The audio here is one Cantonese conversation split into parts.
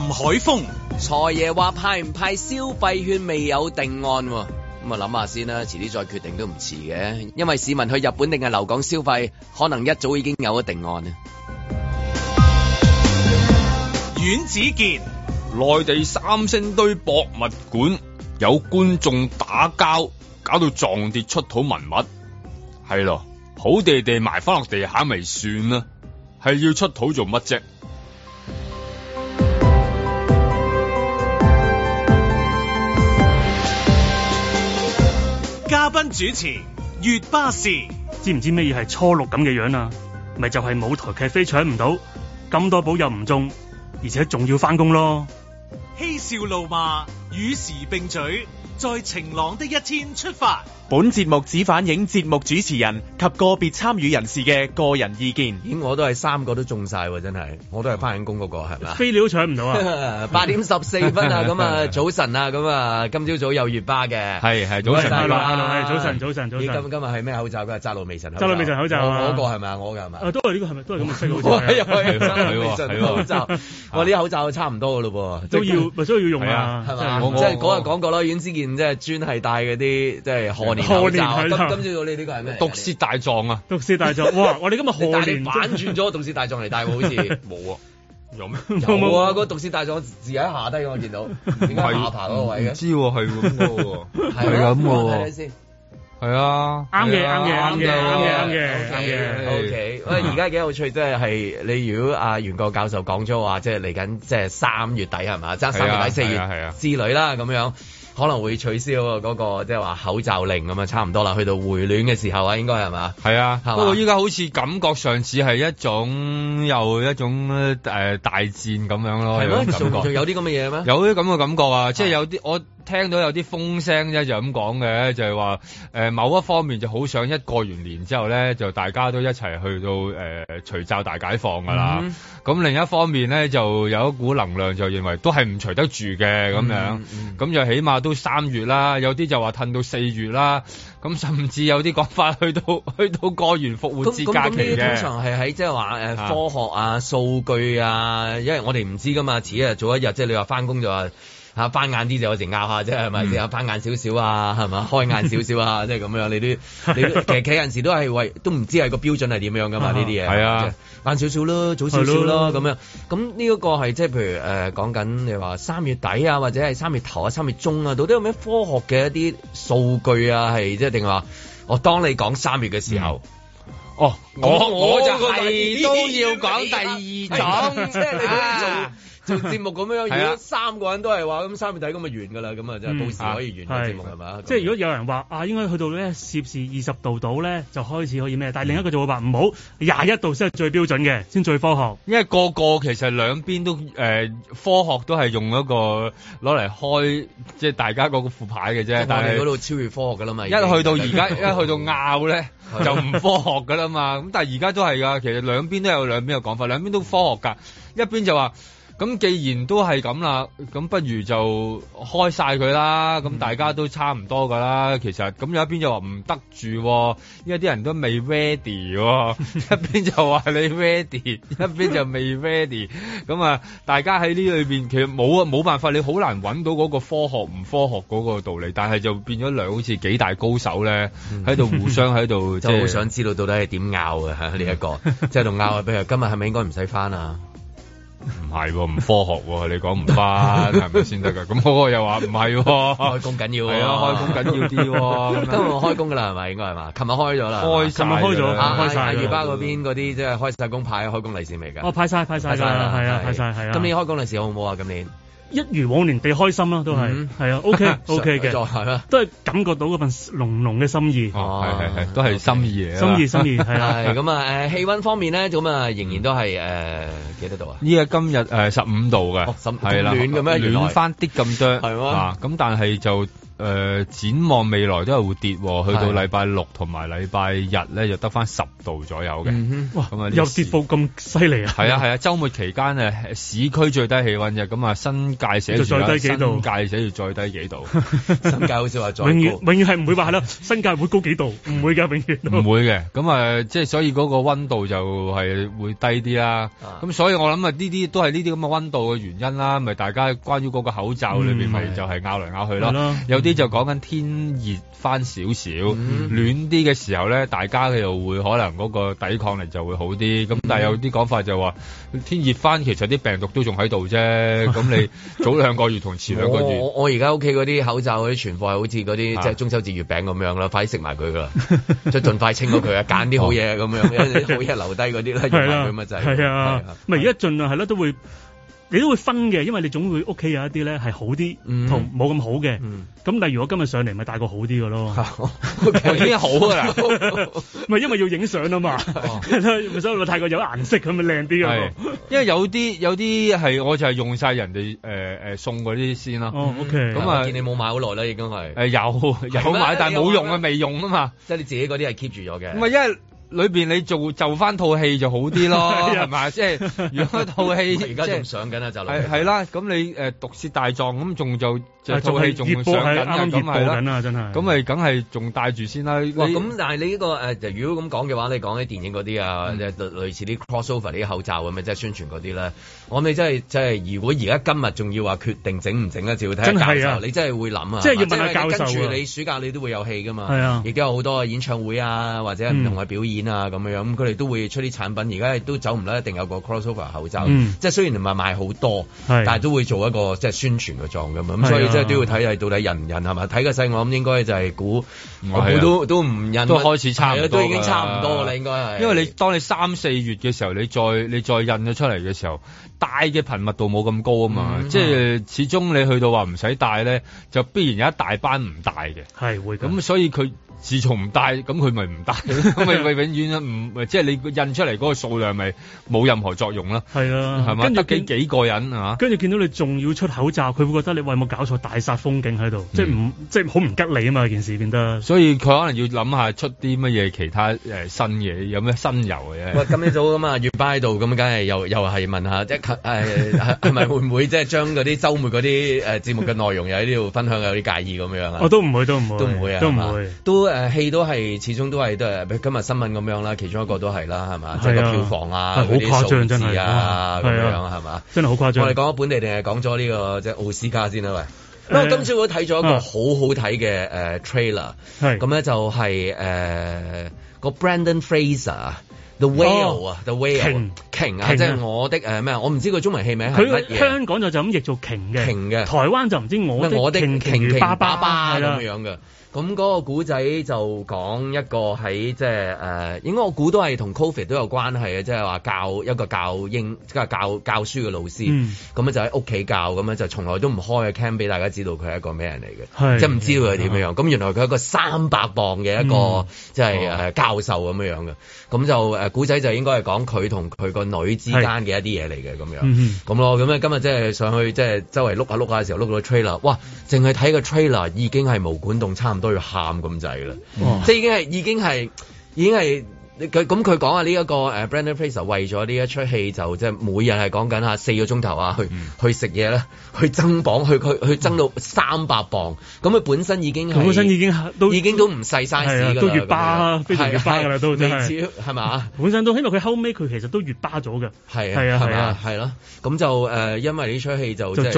林海峰，財爺話派唔派消費券未有定案、啊，咁啊諗下先啦，遲啲再決定都唔遲嘅，因為市民去日本定係留港消費，可能一早已經有咗定案啦、啊。阮子健，內地三星堆博物館有觀眾打交，搞到撞跌出土文物，係咯，好地地埋翻落地下咪算啦，係要出土做乜啫？嘉賓主持，月巴士知唔知咩嘢係初六咁嘅樣啊？咪就係舞台劇飛搶唔到，咁多寶又唔中，而且仲要翻工咯。嬉笑怒罵，與時並舉，在晴朗的一天出發。本節目只反映節目主持人及個別參與人士嘅個人意見。咦、哎，我都係三個都中晒，真係，我都係返緊工嗰、那個係咪？飛鳥搶唔到啊！八 點十四分啊，咁 樣啊 早晨啊，咁啊今朝早又月巴嘅，係係早，、啊、早晨，早晨，早晨，早晨今天今日係咩口罩噶？窄路微塵口罩。窄路微塵口罩啊？我個係咪？我噶係咪？都係呢個係咪？都係咁嘅色。窄路微塵口罩。我啲口罩差唔多噶咯噃，都、啊、要咪都要用啊？係咪、啊啊啊？即係講又講過咯，尹思健即係專係戴嗰啲即係寒。賀年啊！咁今朝早你呢個係咩？毒舌大狀啊！毒舌大狀哇！我哋今日賀年，反轉咗個毒舌大狀嚟帶好似冇啊？有咩？有冇啊？個毒舌大狀字喺下低我見到，點解下爬嗰個位嘅？知喎，係咁噶喎，係咁喎。我睇睇先，係啊，啱嘅，啱嘅，啊，啱嘅，啊，啱嘅，啱嘅。OK，喂，而家幾有趣，即係你如果阿袁國教授講咗話，即係嚟緊，即係三月底係嘛？即係三月底、四月之旅啦，咁樣。可能會取消嗰個即係話口罩令咁啊，差唔多啦，去到回暖嘅時候啊，應該係嘛？係啊，不過依家好似感覺上似係一種又一種誒大戰咁樣咯，係咩？感覺有啲咁嘅嘢咩？有啲咁嘅感覺啊，即係有啲我。聽到有啲風聲啫就咁講嘅，就係話誒某一方面就好想一過完年之後咧，就大家都一齊去到誒除罩大解放噶啦。咁、嗯、另一方面咧，就有一股能量就認為都係唔除得住嘅咁樣。咁、嗯嗯、就起碼都三月啦，有啲就話褪到四月啦。咁甚至有啲講法去到去到過完復活節假期嘅。咁呢啲通常係喺即係話科學啊、數據啊，因為我哋唔知噶嘛，遲一日早一日，即係你話翻工就話。嚇翻眼啲就有時拗下啫係咪先？翻眼少少啊，係咪、嗯？開眼少少啊，即係咁樣。你啲你都 其實有陣時都係喂，都唔知係個標準係點樣㗎嘛？呢啲嘢係啊，翻少少咯，早少少咯，咁樣。咁呢個個係即係譬如誒、呃、講緊你話三月底啊，或者係三月頭啊，三月中啊，到底有咩科學嘅一啲數據啊？係即係定話我當你講三月嘅時候、嗯，哦，我我，我就係都要講第二種， 第二種 啊。即係做節目咁樣、 啊，如果三個人都係話咁三月底咁咪完㗎啦。咁啊，就到時可以完個節目係咪、嗯啊、即係如果有人話啊，應該去到咧攝氏二十度度咧就開始可以咩？但係另一個就會話唔、嗯、好廿一度先係最標準嘅，先最科學。因為個個其實兩邊都誒、呃、科學都係用一個攞嚟開，即、就、係、是、大家嗰個副牌嘅啫。但係嗰度超越科學㗎啦嘛。一去到而家 一去到拗咧 就唔科學㗎啦嘛。咁但係而家都係㗎，其實兩邊都有兩邊嘅講法，兩邊都科學㗎。一邊就話。咁既然都係咁啦，咁不如就開晒佢啦。咁大家都差唔多噶啦、嗯。其實咁有一邊就話唔得住，因為啲人都未 ready， 一邊就話你 ready，一邊就未 ready。 咁啊，大家喺呢裏邊其實冇啊，冇辦法，你好難揾到嗰個科學唔科學嗰個道理。但係就變咗兩好似幾大高手咧，喺度互相喺度，即 係、就是、 好想知道到底係點拗呀。吓 呢 一個，即係度拗啊。譬如今日係咪應該唔使翻啊？唔係喎，唔科學，喎。你講唔返，係咪先得㗎？咁我又話唔係，喎 開工緊要嘅、啊。啊，開工緊要啲、啊。喎， 今日我開工㗎喇，係咪應該係嘛？琴日開咗啦，開曬，琴日開咗，開曬。粵巴嗰邊嗰啲即係開曬工派開工利是未㗎？哦，派曬，派曬曬啦，係啊，派曬係啊。今年開工利是好唔好啊？今年、啊。一如往年地開心啦、啊，都係係、嗯、啊，OK OK 嘅，都係感覺到嗰份濃濃嘅心意。哦、啊，係係係，都係心意嘅、OK，心意心意係啦，咁啊誒，氣、哎、温方面咧，咁啊仍然都係誒幾多度啊？依家今日誒十五度嘅，係、哦、啦，暖咁樣，暖翻啲咁多，係、啊、嘛？咁但係就。誒，展望未來都係會跌，去到禮拜六同埋禮拜日咧，就得翻十度左右嘅。哇，又跌幅咁犀利啊！係啊係啊，周末期間誒，市區最低氣溫嘅。咁啊，新界寫住，新界寫住再低幾度。新界好似話再高，永遠永遠係唔會話啦，新界會高幾度？唔會嘅，永遠唔會嘅。咁啊，即係所以嗰個溫度就係會低啲啦。咁所以我諗啊，呢啲都係呢啲咁嘅溫度嘅原因啦。咪大家關於嗰個口罩裏邊，咪就係拗嚟拗去囉。有啲。啲、嗯、就講緊天熱翻少少、嗯，暖啲嘅時候咧，大家佢又會可能嗰個抵抗力就會好啲。咁、嗯、但係有啲講法就話天熱翻，其實啲病毒都仲喺度啫。咁 你早兩個月同遲兩個月，我我而家屋企嗰啲口罩嗰啲存貨係好似嗰啲即係中秋節月餅咁樣啦，快啲食埋佢啦，即係盡快清咗佢、 就是、 啊，揀啲好嘢咁樣，好嘢留低嗰啲啦，用埋佢咪就係。係啊，咪而家盡量係咯，都會。你都會分嘅，因為你總會屋企有一啲咧係好啲，同冇咁好嘅。咁、嗯、但係如果今日上嚟，咪帶個好啲嘅咯。已、okay, 經 好嘅的啦，咪 因為要影相啊嘛，oh. 所以我太過有顏色咁咪靚啲。因為有啲有啲係，我就係用曬人哋誒誒送嗰啲先啦！咁、oh, 啊、okay. 嗯，見你冇買好耐啦，已經係。有有買，但係冇用啊，未用啊嘛，即係你自己嗰啲係 keep 住咗嘅。因為裏邊你做就翻套戲就好啲咯，係 咪是吧？ 即係如果套戲，而家仲上緊啊，就係、是、啦。咁、嗯、你誒，毒、呃、舌大狀咁仲就。嗯啊！套戲仲上緊啊，咁咪啦，真係咁咪梗係仲戴住先啦。哇！咁但係你呢、這個誒、呃，如果咁講嘅話，你講起電影嗰啲啊，就、嗯、類似啲 cross over 啲口罩咁樣，即、就、係、是、宣傳嗰啲咧。我諗你真係即係，如果而家今日仲要話決定整唔整咧，就要睇教授。真啊、你真係會諗啊！即、就、係、是、要問下教授，跟住你暑假你都會有戲㗎嘛？係啊，亦都有好多演唱會啊，或者唔同嘅表演啊咁、嗯、樣。咁佢哋都會出啲產品。而家都走唔甩，一定有個 cross over 口罩。嗯、即係雖然唔係賣好多，但係都會做一個即係、就是、宣傳嘅狀咁所嗯、即係都要睇係到底印唔印係嘛？睇個勢，我諗應該就係估，估、啊、都都唔印，都開始差唔多、啊，都已經差唔多啦。啊、應該係因為你當你三四月嘅時候，你再你再印咗出嚟嘅時候，帶嘅頻密度冇咁高啊嘛。嗯、即係始終你去到話唔使帶咧，就必然有一大班唔帶嘅。係會咁、嗯，所以佢。自從唔帶咁佢咪唔帶咁咪永遠唔 即係你印出嚟嗰個數量咪冇任何作用啦。係啊，係嘛？得幾幾個人啊？跟住見到你仲要出口罩，佢會覺得你話有冇搞錯，大煞風景喺度、嗯，即係唔即係好唔吉利啊嘛！件事變得，所以佢可能要諗下出啲乜嘢其他新嘢，有咩新遊嘅？喂， 今日早啊嘛， 月巴喺度咁，梗係又又係問下，即係係咪會唔會即係將嗰啲周末嗰啲誒節目嘅內容又喺呢度分享？有啲介意咁樣啊？我 都唔會，都唔會，都唔會啊，都唔會都，都，都。誒，戲都係始終都係都係，今日新聞咁樣啦，其中一個都係啦，係嘛、啊？即係個票房啊，嗰啲數字啊，好誇張啊，咁樣係嘛？真係好誇張。我哋講本地定係講咗呢個即係奧斯卡先啦、啊、喂、啊。因為我今朝我都睇咗一個好好睇嘅誒 trailer，咁咧、啊、就係誒個 Brandon Fraser 啊，The Whale 啊、哦、，The Whale，鯨啊，啊，即係我的誒咩、呃？我唔知個中文戲名係乜嘢。佢香港就咁譯做鯨嘅，鯨嘅。台灣就唔知我嘅，鯨巴巴巴啦咁樣嘅。咁、那、嗰個古仔就講一個喺即係誒應該我估都係同 Covid 都有關係嘅，即係話教一個教英即係教教書嘅老師，咁、嗯、就喺屋企教，咁咧就從來都唔開嘅 cam 俾大家知道佢係一個咩人嚟嘅，即係唔知道佢點樣樣咁、嗯、原來佢係一個三百磅嘅一個即係誒教授咁樣樣嘅。咁就誒古仔就應該係講佢同佢個女之間嘅一啲嘢嚟嘅咁樣，咁、嗯、咯。咁咧今日即係上去即係周圍碌下碌下嘅時候碌到 trailer，哇！淨係睇個 trailer 已經係無管動差唔多。去喊咁滯啦，即係已經係，已經係，已經係佢咁。佢講呢一個誒、啊、，Brandon Fraser 為咗呢一出戲，就即係每日係講緊啊，四個鐘頭啊，去、嗯、去食嘢咧，去增磅，去去去增到三百磅。咁、嗯、佢本，本身已經，本身已經都已經都唔細晒事㗎，都越巴非常之巴噶啦，都都係嘛。本身都希望佢後尾，佢其實都越巴咗嘅。係係啊係啊係咯。咁就誒，因為呢出戲就再再再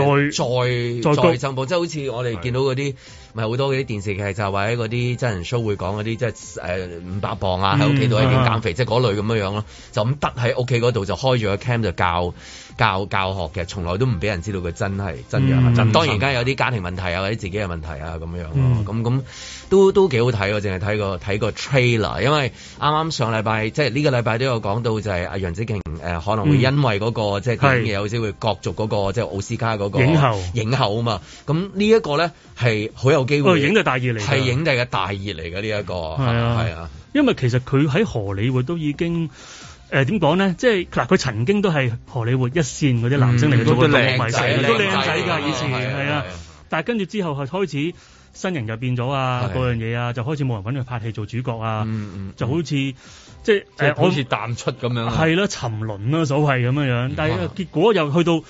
增磅，即係好似我哋見到嗰啲。唔係好多嗰啲電視劇，就係話喺嗰啲真人 show 會講嗰啲，即係誒五百磅啊，喺屋企度一邊減肥，即係嗰類咁樣樣咯，就咁得喺屋企嗰度就開住個 cam 就教。教教學嘅，從來都唔俾人知道佢真係真相、嗯。當然間有啲家庭問題啊，或者自己嘅問題啊咁樣咁咁、嗯、都都幾好睇，我淨係睇個睇個 trailer。因為啱啱上禮拜，即係呢個禮拜都有講到、就是，就係阿楊紫瓊、呃、可能會因為嗰、那個、嗯、即係佢嘢，少會角逐嗰、那個即係奧斯卡嗰個影后影后啊嘛。咁呢一個咧係好有機會影帝大熱嚟，係影帝嘅大熱嚟嘅呢一個係、嗯、啊，啊，因為其實佢喺荷里活都已經。誒點講呢？即係嗱，佢曾經都係荷里活一線嗰啲男星嚟嘅，都係都靚仔，都靚仔㗎。以前係啊，但係跟住之後係開始身形就變咗啊，嗰樣嘢啊，就開始冇人搵佢拍戲做主角啊，嗯嗯、就好似即係、嗯、好似淡出咁樣。係咯，沉淪啦、啊，所謂咁樣。但係結果又去到。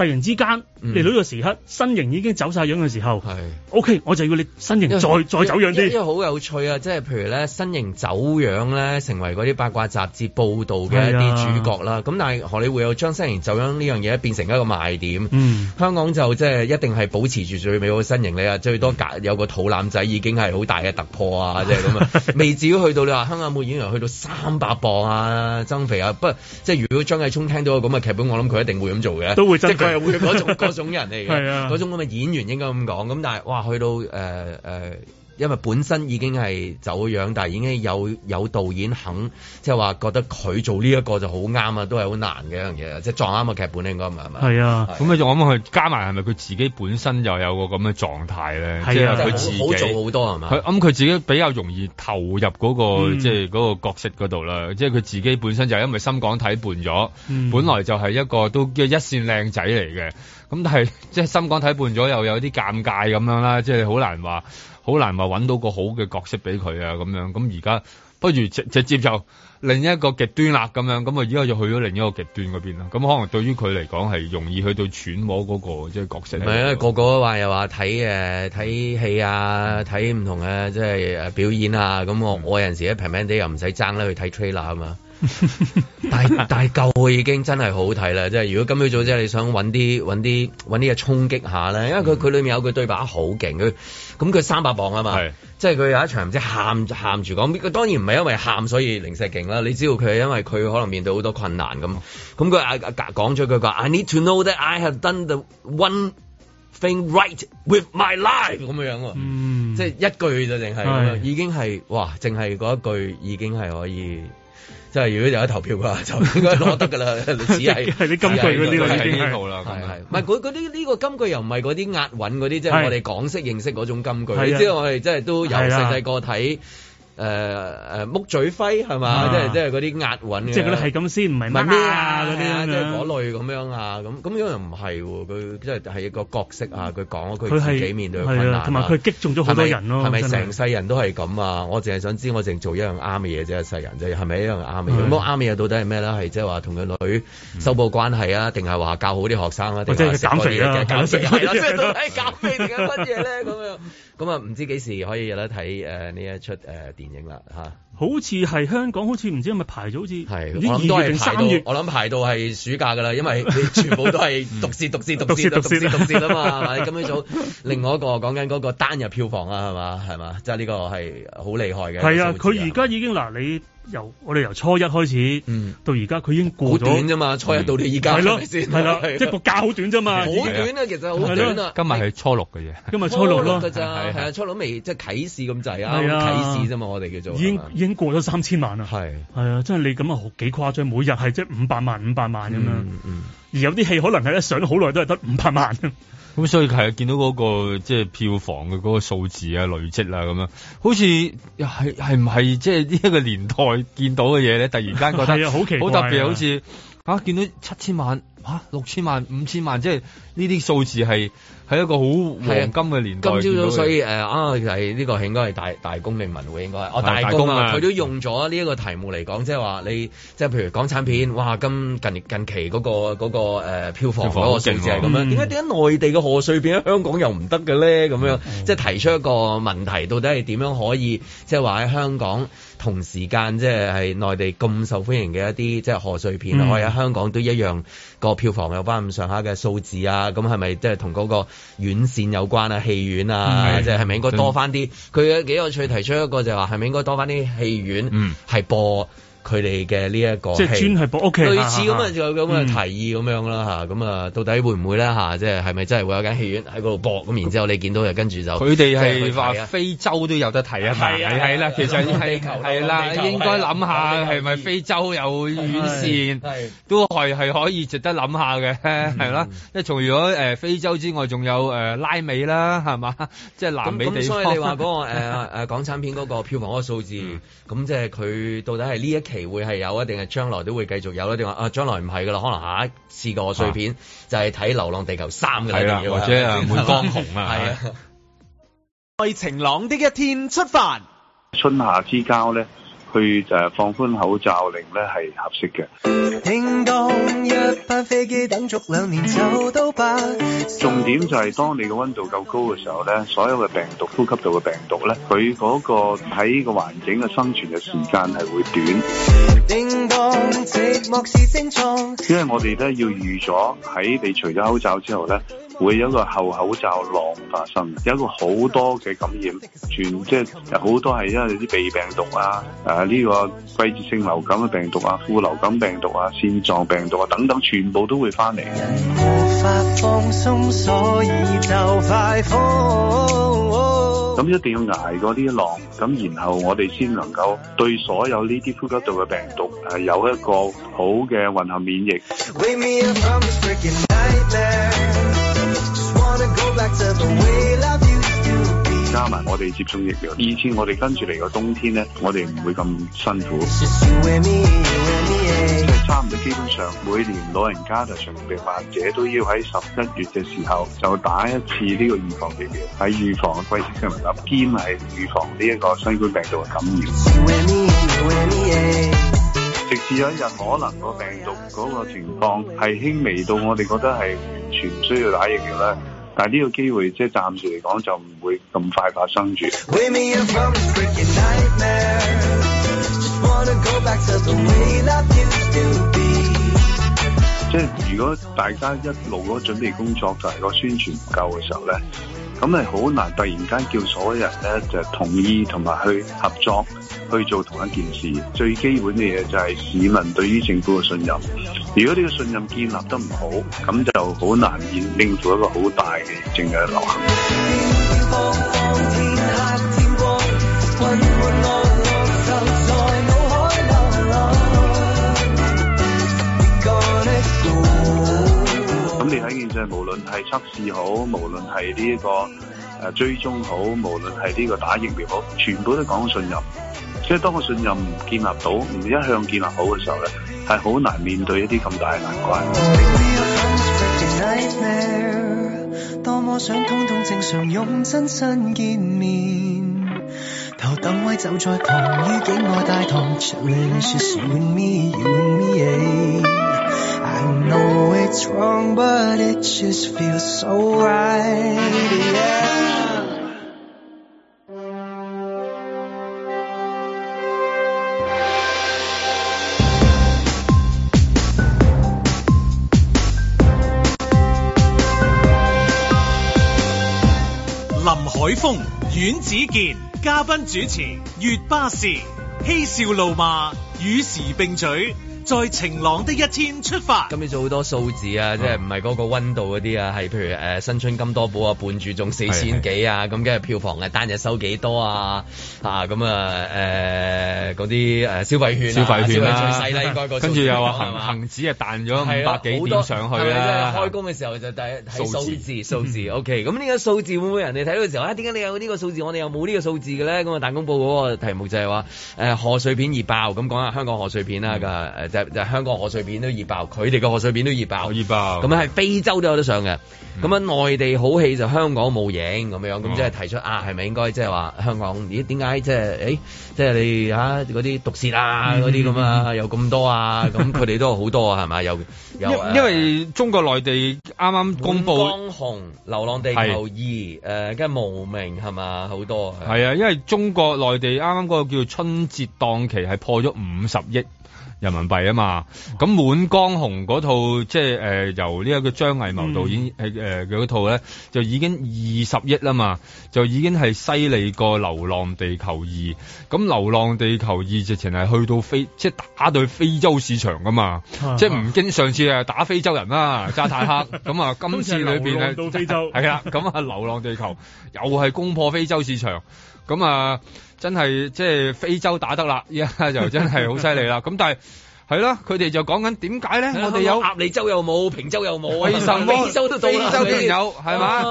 突然之間你到呢個時刻，嗯，身形已經走晒樣嘅時候，係 O K，我就要你身形再再走樣啲。因為好有趣啊，即係譬如咧，身形走樣咧，成為嗰啲八卦雜誌報導嘅一啲主角啦。咁、啊、但係荷里活又將身形走樣呢樣嘢變成一個賣點。嗯、香港就即係一定係保持住最美好嘅身形。你話最多隔有個肚腩仔已經係好大嘅突破啊，即係咁啊，未至於去到、啊、你話香港冇演員去到三百磅啊增肥啊。不過，即係如果張繼聰聽到咁嘅劇本，我諗佢一定會咁做嘅。都會增肥 會有嗰種嗰種人嚟嘅，係、 啊、嗰種咁嘅演員應該咁講咁。但係哇，去到誒誒。呃呃因為本身已經係走樣，但係已經有有導演肯即係話覺得佢做呢一個就好啱啊，都係好難嘅一樣嘢，即係撞啱個劇本應該係咪？係啊，咁啊，仲諗佢加埋係咪佢自己本身就有個咁嘅狀態咧？即係佢自己好好做好多係嘛？佢咁佢自己比較容易投入嗰、嗰個、嗯、即係嗰個角色嗰度啦。即係佢自己本身就係因為深港睇半咗，本來就係一個都叫一線靚仔嚟嘅。咁但係即係深港睇半咗，又有啲尷尬咁樣啦。即係好難話。好難話搵到個好嘅角色俾佢啊咁樣，咁而家不如直直接就另一個極端啦咁樣，咁啊而家就去咗另一個極端嗰邊啦，咁可能對於佢嚟講係容易去到揣摩嗰、嗰個即係、即係、角色。唔係啊，個個話又話睇誒睇戲啊，睇唔同嘅即係誒表演啊，咁我、嗯、我有陣時咧平平哋又唔使爭啦去睇 trailer 啊嘛。 但但舊已經真係好睇啦，即係如果今朝早即係你想搵啲搵啲搵啲嘢衝擊下咧，因為佢佢、嗯、裏面有句對白好勁，佢咁佢三百磅啊嘛，即係佢有一場唔知喊喊住講，當然唔係因為喊所以零食勁啦，你知道佢係因為佢可能面對好多困難咁，咁佢講咗句話 I need to know that I have done the one thing right with my life 咁樣樣，樣樣嗯、即係一句就淨係已經係哇，淨係嗰一句已經係可以。即係如果有得投票嘅話，就應該攞得㗎啦。你 只係係啲金句呢個啦，已經冇啦。係係唔係嗰嗰啲呢個金句又唔係嗰啲押韻，嗰啲，即、就、係、是、我哋港式認識嗰種金句。你知、就是、我哋即係都有細細個睇。呃，呃，木嘴揮係嘛？即係即係嗰啲押韻即係嗰啲係咁先，唔係咩啊嗰啲即係嗰類咁樣啊，咁咁樣又唔係喎，佢、啊、即係係、啊、一個角色啊，佢、嗯、講佢自己面對困難啊，同埋佢擊中咗好多人咯，是是是是是是是是係咪成世人都係咁啊？我淨係想知我淨係做一樣啱嘅嘢啫，世人啫，係咪一樣啱嘅嘢？咁啱嘅嘢到底係咩咧？係即係話同佢女修補關係啊，定係話教好啲學生啊？我減肥啦，減肥即係到底減肥定係乜嘢咧？咁樣。咁啊，唔知幾時可以有得睇誒，呢一出誒電影啦吓！好似係香港，好似唔知係咪排咗，好似係，二月、三月，我諗排到係暑假㗎啦，因為你全部都係獨試、獨 試、嗯、獨試、獨試、獨試啊嘛，係咪？咁樣另外一個講緊嗰個單日票房啦，係嘛？係嘛？即係呢個係好厲害嘅。係啊，佢而家已經嗱，你、嗯、由我哋由初一開始到，到而家佢已經過咗好 短啫嘛，初一到你而家係咯，係啦，即係個假好短啫嘛，好短啊，其實好短啊。今日係初六嘅啫，今日初六咯，㗎啊？初六未即係啟示咁滯啊，啟示啫嘛，我哋叫做已過咗三千萬啊，係係啊，真係你咁啊幾誇張，每日係即係五百萬五百萬咁樣、嗯嗯，而有啲戲可能係一上咗好耐都係得五百萬。咁 所以係啊、那個，見到嗰個即係票房嘅嗰個數字啊累積啊咁樣好似係係唔係即係呢一個年代見到嘅嘢咧？突然間覺得好、啊、奇好特別，好似吓見到七千萬。哇、啊，六千萬、五千萬，即係呢啲數字係喺一個好黃金嘅年代。今朝早所以誒、呃、啊、係、這、呢個係應該係大、大公文匯喎，應該。哦，大公啊！佢都用咗呢一個題目嚟講，即係話你即係譬如港產片，哇，今近近期嗰、那個嗰、那個呃、票房嗰個數字係咁樣。點解點解內地嘅賀歲片喺香港又唔得嘅咧？咁樣即係提出一個問題，到底係點樣可以即係話喺香港？同時間即係係內地咁受歡迎嘅一啲即係賀歲片，嗯、我哋喺香港都一樣個票房有翻咁上下嘅數字啊！咁係咪即係同嗰個院線有關啊？戲院啊，嗯、即係係咪應該多翻啲？佢有幾有趣提出一個就係、是、話，係咪應該多翻啲戲院係播？嗯佢哋嘅呢一個即係專係播屋企，okay，類似咁啊，有咁嘅提議咁樣啦嚇，咁、嗯、啊、嗯、到底會唔會呢？嚇、啊？即係係咪真係會有間戲院喺嗰度播咁？嗯、然之後你見到就跟住就佢哋係話非洲都有得睇、嗯啊，嗯、啊！係啊係啦、啊啊，其實係係啦，應該諗下係咪非洲有院線都係可以值得諗下嘅，係啦、啊。即、啊啊啊啊、從如果非洲之外，仲有拉美啦，係咪、啊？即、就、係、是、南美地方咁所以你話嗰、那個、 啊啊啊、港產片嗰個票房嗰個數字，咁即係佢到底係呢一？期會係有，一定係將來都會繼續有，一定話啊，將來唔係噶啦，可能下一次個碎片就係睇《流浪地球三》嘅或者啊，滿江紅啊！係啊，在、 啊啊、 晴朗的一天出發，春夏之交咧。去就係放寬口罩令咧係合適嘅。重點就係當你個溫度夠高嘅時候咧，所有嘅病毒、呼吸道嘅病毒咧，佢嗰個喺個環境嘅生存嘅時間係會短。因為我哋咧要預咗喺你除咗口罩之後咧，會有一個後口罩浪發生，有一個好多嘅感染，全即係好多係因為啲鼻病毒啊，啊呢個季節性流感嘅病毒啊、副流感病毒啊、腺狀病毒啊等等，全部都會翻嚟。咁一定要捱過呢一浪，咁然後我哋先能夠對所有呢啲呼吸道嘅病毒、啊、有一個好嘅混合免疫。加埋我哋接種疫苗，以前我哋跟住嚟個冬天咧，我哋唔會咁辛苦。即係差唔多，基本上每年老人家就常備患者都要喺十一月嘅時候就打一次呢個預防疫苗。喺預防嘅季節上面，咁兼係預防呢一個新冠病毒嘅感染。 直至有一日，可能個病毒嗰個情況係輕微到我哋覺得係完全唔需要打疫苗咧。但係呢個機會，即係暫時嚟講就唔會咁快發生住 。即係如果大家一路嗰準備工作同係、就係、個宣傳唔夠嘅時候呢，咁係好難突然間叫所有人呢就同意同埋去合作。去做同一件事，最基本嘅嘢就係市民對於政府嘅信任。如果呢個信任建立得唔好，咁就好難言令到一個好大嘅正嘅流行。咁、嗯、你睇件即係無論係測試好，無論係呢一個追蹤好，無論係呢個打疫苗好，全部都講信任。即係當個信任唔建立到，唔係一向建立好嘅時候呢，係好難面對一啲咁大嘅難關。海峰、阮子健，嘉賓主持，月巴士，嬉笑怒罵，與時並舉。在晴朗的一天出發。咁你做好多數字啊，即係唔係嗰個温度嗰啲啊，係譬如誒、呃、新春金多寶啊，半注中四千幾啊，咁嘅、嗯、票房嘅單日收幾多啊？啊，咁啊誒嗰啲誒消費券、啊，消費券，啊消費券啊、消費最細啦、啊、個、啊啊。跟住又話恆恆指啊彈咗五百幾點上去啦、啊啊啊。開工嘅時候就第一係數字，數字，數字，數字、嗯、OK。咁呢個數字會唔會人哋睇到嘅時候啊？點解你有呢個數字，我哋又冇呢個數字嘅咧？咁啊彈公報嗰個題目就係話誒賀歲片熱爆，咁講下香港賀歲片啦嘅、嗯就就是、香港賀歲片都熱爆，佢哋嘅賀歲片都熱爆，熱爆。咁樣係非洲都有得上嘅。咁、嗯、樣內地好戲就香港冇影咁樣，咁、嗯、即係提出啊，係咪應該即係話香港？咦、欸，點解即係誒，即係你嗰啲毒舌啊，嗰啲咁啊，嗯、有咁多啊？咁佢哋都好多係咪？有，因為、呃、因為中國內地啱啱公布，滿江紅、流浪地球二、誒，跟住、呃、無名係嘛，好多。係啊，因為中國內地啱啱嗰個叫春節檔期係破咗五十億。人民幣啊嘛，咁《滿江紅》嗰套即係誒由呢一個張藝謀導演誒誒嗰套咧就已經二十億啦嘛，就已經係犀利過《流浪地球二》。咁《流浪地球二》直情係去到非即係打對非洲市場噶嘛，嗯、即係唔經上次誒打非洲人啦，揸坦克咁啊。今次裏邊咧到非洲，係 啦， 咁啊《流浪地球》又係攻破非洲市場，咁啊。真係即係非洲打得啦，依家就真係好犀利啦。咁 但係，係咯，佢哋就講緊點解咧？我哋有鴨脷洲又冇，平洲又冇，為什麼非洲都到啦？非洲都有係嘛？